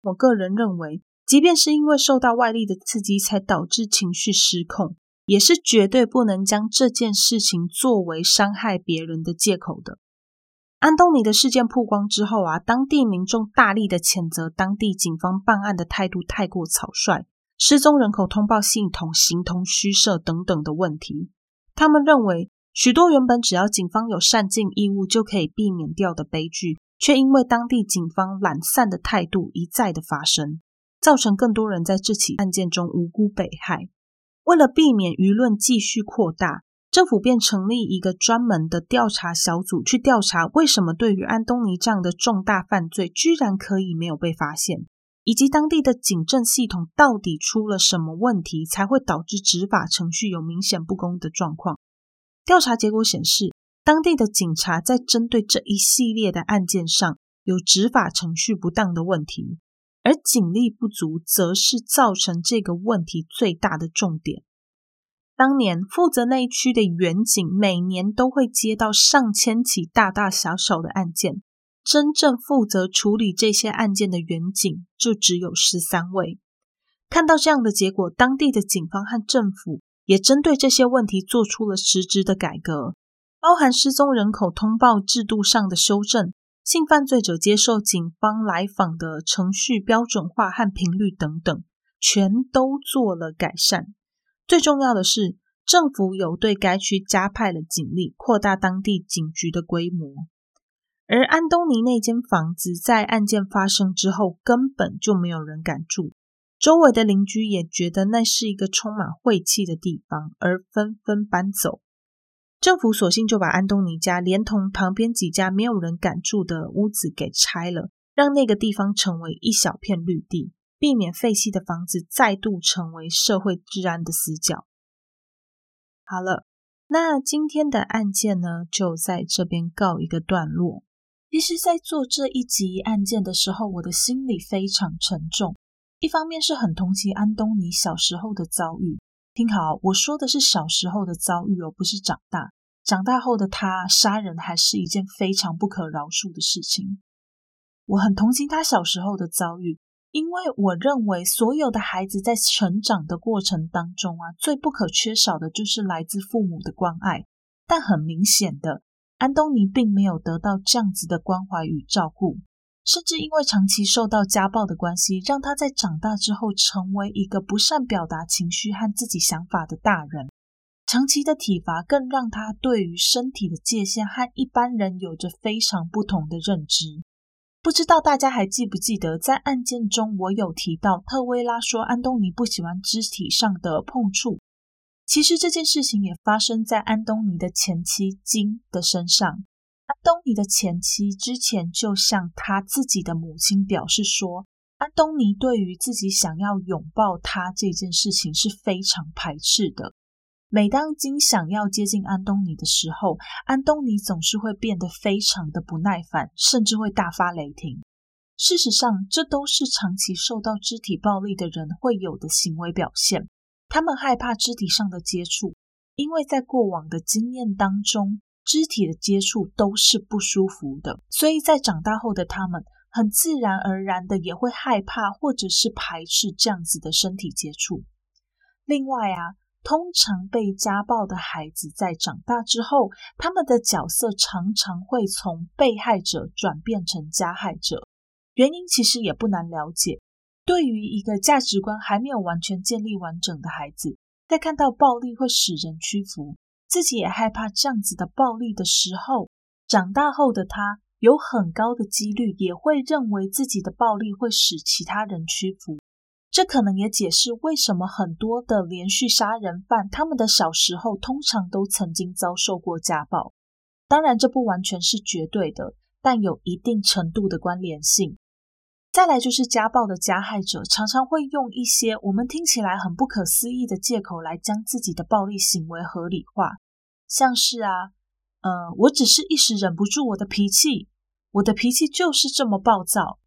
我個人認為。即便是因為受到外力的刺激才導致情緒失控，也是絕對不能將這件事情作為傷害別人的借口的。安東尼的事件曝光之後啊，當地民眾大力的譴責當地警方辦案的態度太過草率、失蹤人口通報系統形同虛設等等的問題。他們認為，許多原本只要警方有善盡義務就可以避免掉的悲劇，卻因為當地警方懶散的態度一再的發生。造成更多人在這起案件中無辜被害。為了避免輿論繼續擴大，政府便成立一個專門的調查小組去調查，為什麼對於安東尼這樣的重大犯罪，居然可以沒有被發現，以及當地的警政系統到底出了什麼問題，才會導致執法程序有明顯不公的狀況。調查結果顯示，當地的警察在針對這一系列的案件上有執法程序不當的問題。而警力不足，則是造成這個問題最大的重點。當年負責那一區的員警，每年都會接到上千起大大小小的案件，真正負責處理這些案件的員警就只有十三位。看到這樣的結果，當地的警方和政府也針對這些問題做出了實質的改革，包含失蹤人口通報制度上的修正。性犯罪者接受警方來訪的程序標準化和頻率等等，全都做了改善。最重要的是，政府有對該區加派了警力，擴大當地警局的規模。而安東尼那間房子在案件發生之後，根本就沒有人敢住。周圍的鄰居也覺得那是一個充滿晦氣的地方，而紛紛搬走。政府索性就把安東尼家連同旁邊幾家沒有人敢住的屋子給拆了，讓那個地方成為一小片綠地，避免廢棄的房子再度成為社會治安的死角。好了，那今天的案件呢，就在這邊告一個段落。其實，在做這一集案件的時候，我的心裡非常沉重，一方面是很同情安東尼小時候的遭遇。聽好，我說的是小時候的遭遇，而不是長大。長大後的他殺人還是一件非常不可饒恕的事情。我很同情他小時候的遭遇，因為我認為所有的孩子在成長的過程當中啊，最不可缺少的就是來自父母的關愛。但很明顯的，安東尼並沒有得到這樣子的關懷與照顧。甚至因為長期受到家暴的關係，讓他在長大之後成為一個不善表達情緒和自己想法的大人。長期的體罰更讓他對於身體的界限和一般人有着非常不同的認知。不知道大家還記不記得，在案件中我有提到，特維拉說安東尼不喜歡肢體上的碰觸。其實這件事情也發生在安東尼的前妻金的身上。安東尼的前妻之前就向她自己的母親表示說，安東尼對於自己想要擁抱她這件事情是非常排斥的。每當金想要接近安東尼的時候，安東尼總是會變得非常的不耐煩，甚至會大發雷霆。事實上，這都是長期受到肢體暴力的人會有的行為表現。他們害怕肢體上的接觸，因為在過往的經驗當中，肢體的接觸都是不舒服的，所以在長大後的他們很自然而然的也會害怕或者是排斥這樣子的身體接觸。另外啊，通常被家暴的孩子在長大之後，他們的角色常常會從被害者轉變成加害者。原因其實也不難了解，對於一個價值觀還沒有完全建立完整的孩子，在看到暴力會使人屈服。自己也害怕這樣子的暴力的時候，長大後的他有很高的幾率也會認為自己的暴力會使其他人屈服。這可能也解釋為什麼很多的連續殺人犯，他們的小時候通常都曾經遭受過家暴。當然，這不完全是絕對的，但有一定程度的關聯性。再來就是家暴的加害者，常常會用一些我們聽起來很不可思議的借口來將自己的暴力行為合理化，像是啊，呃，我只是一時忍不住我的脾氣，我的脾氣就是這麼暴躁。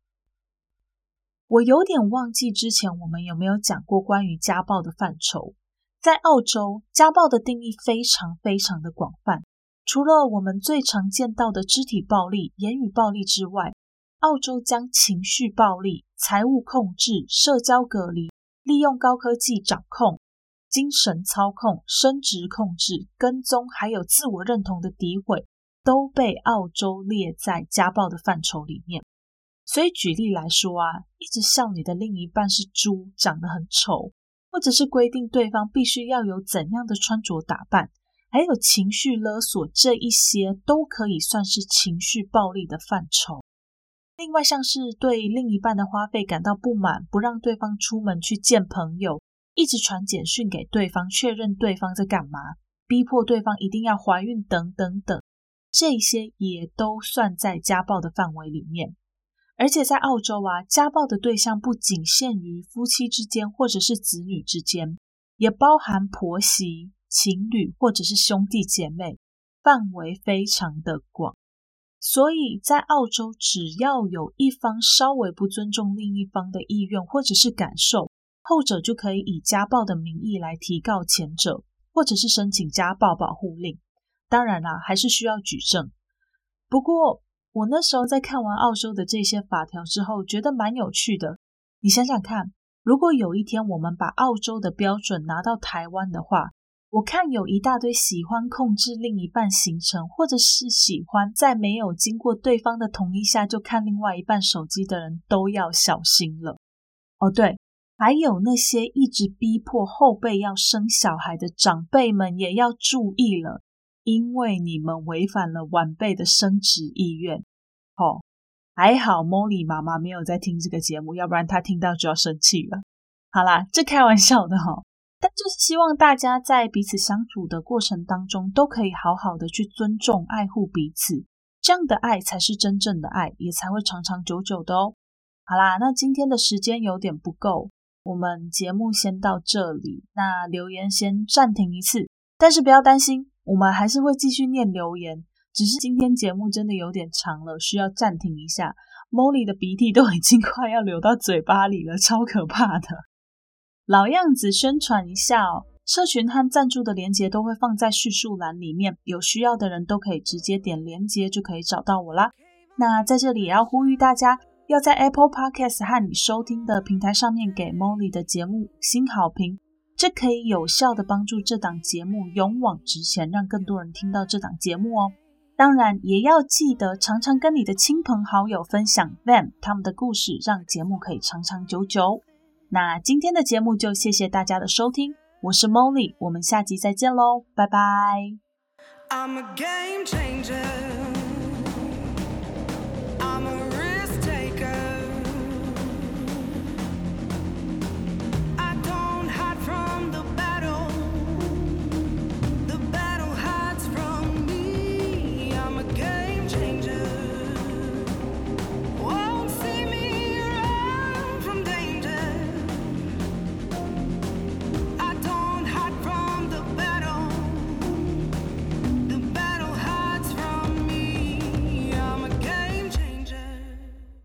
我有點忘記之前我們有沒有講過關於家暴的範疇。在澳洲，家暴的定義非常非常的廣泛，除了我們最常見到的肢體暴力、言語暴力之外，澳洲將情緒暴力、財務控制、社交隔離、利用高科技掌控、精神操控、生殖控制、跟蹤，還有自我認同的詆毀，都被澳洲列在家暴的範疇裡面。所以，舉例來說啊，一直笑你的另一半是豬，長得很醜，或者是規定對方必須要有怎樣的穿着打扮，還有情緒勒索，這一些都可以算是情緒暴力的範疇。另外，像是對另一半的花費感到不滿，不讓對方出門去見朋友，一直傳簡訊給對方確認對方在幹嘛，逼迫對方一定要懷孕等等等，這些也都算在家暴的範圍裡面。而且在澳洲啊，家暴的對象不僅限於夫妻之間或者是子女之間，也包含婆媳、情侶或者是兄弟姐妹，範圍非常的廣。所以在澳洲，只要有一方稍微不尊重另一方的意願或者是感受，後者就可以以家暴的名義來提告前者，或者是申請家暴保護令。當然啦，還是需要舉證。不過我那時候在看完澳洲的這些法條之後，覺得蠻有趣的。你想想看，如果有一天我們把澳洲的標準拿到台灣的話，我看有一大堆喜歡控制另一半行程，或者是喜歡在沒有經過對方的同意下就看另外一半手機的人，都要小心了。哦，對，還有那些一直逼迫後輩要生小孩的長輩們，也要注意了，因為你們違反了晚輩的生殖意願。哦，還好 Molly 媽媽沒有在聽這個節目，要不然她聽到就要生氣了。好啦，這開玩笑的哈、哦。但就是希望大家在彼此相處的過程當中，都可以好好的去尊重、愛護彼此，這樣的愛才是真正的愛，也才會長長久久的哦。好啦，那今天的時間有點不夠，我們節目先到這裡，那留言先暫停一次。但是不要擔心，我們還是會繼續念留言，只是今天節目真的有點長了，需要暫停一下。Molly 的鼻涕都已經快要流到嘴巴裡了，超可怕的。老樣子，宣傳一下哦。社群和贊助的鏈接都會放在敘述欄裡面，有需要的人都可以直接點鏈接就可以找到我啦。那在這裡也要呼籲大家，要在 Apple Podcast 和你收聽的平台上面給 Molly 的節目新好評，這可以有效地幫助這檔節目勇往直前，讓更多人聽到這檔節目哦。當然也要記得常常跟你的親朋好友分享 THEM 他們的故事，讓節目可以長長久久。那今天的節目就謝謝大家的收聽，我是 Molly，我們下集再見嘍，拜拜。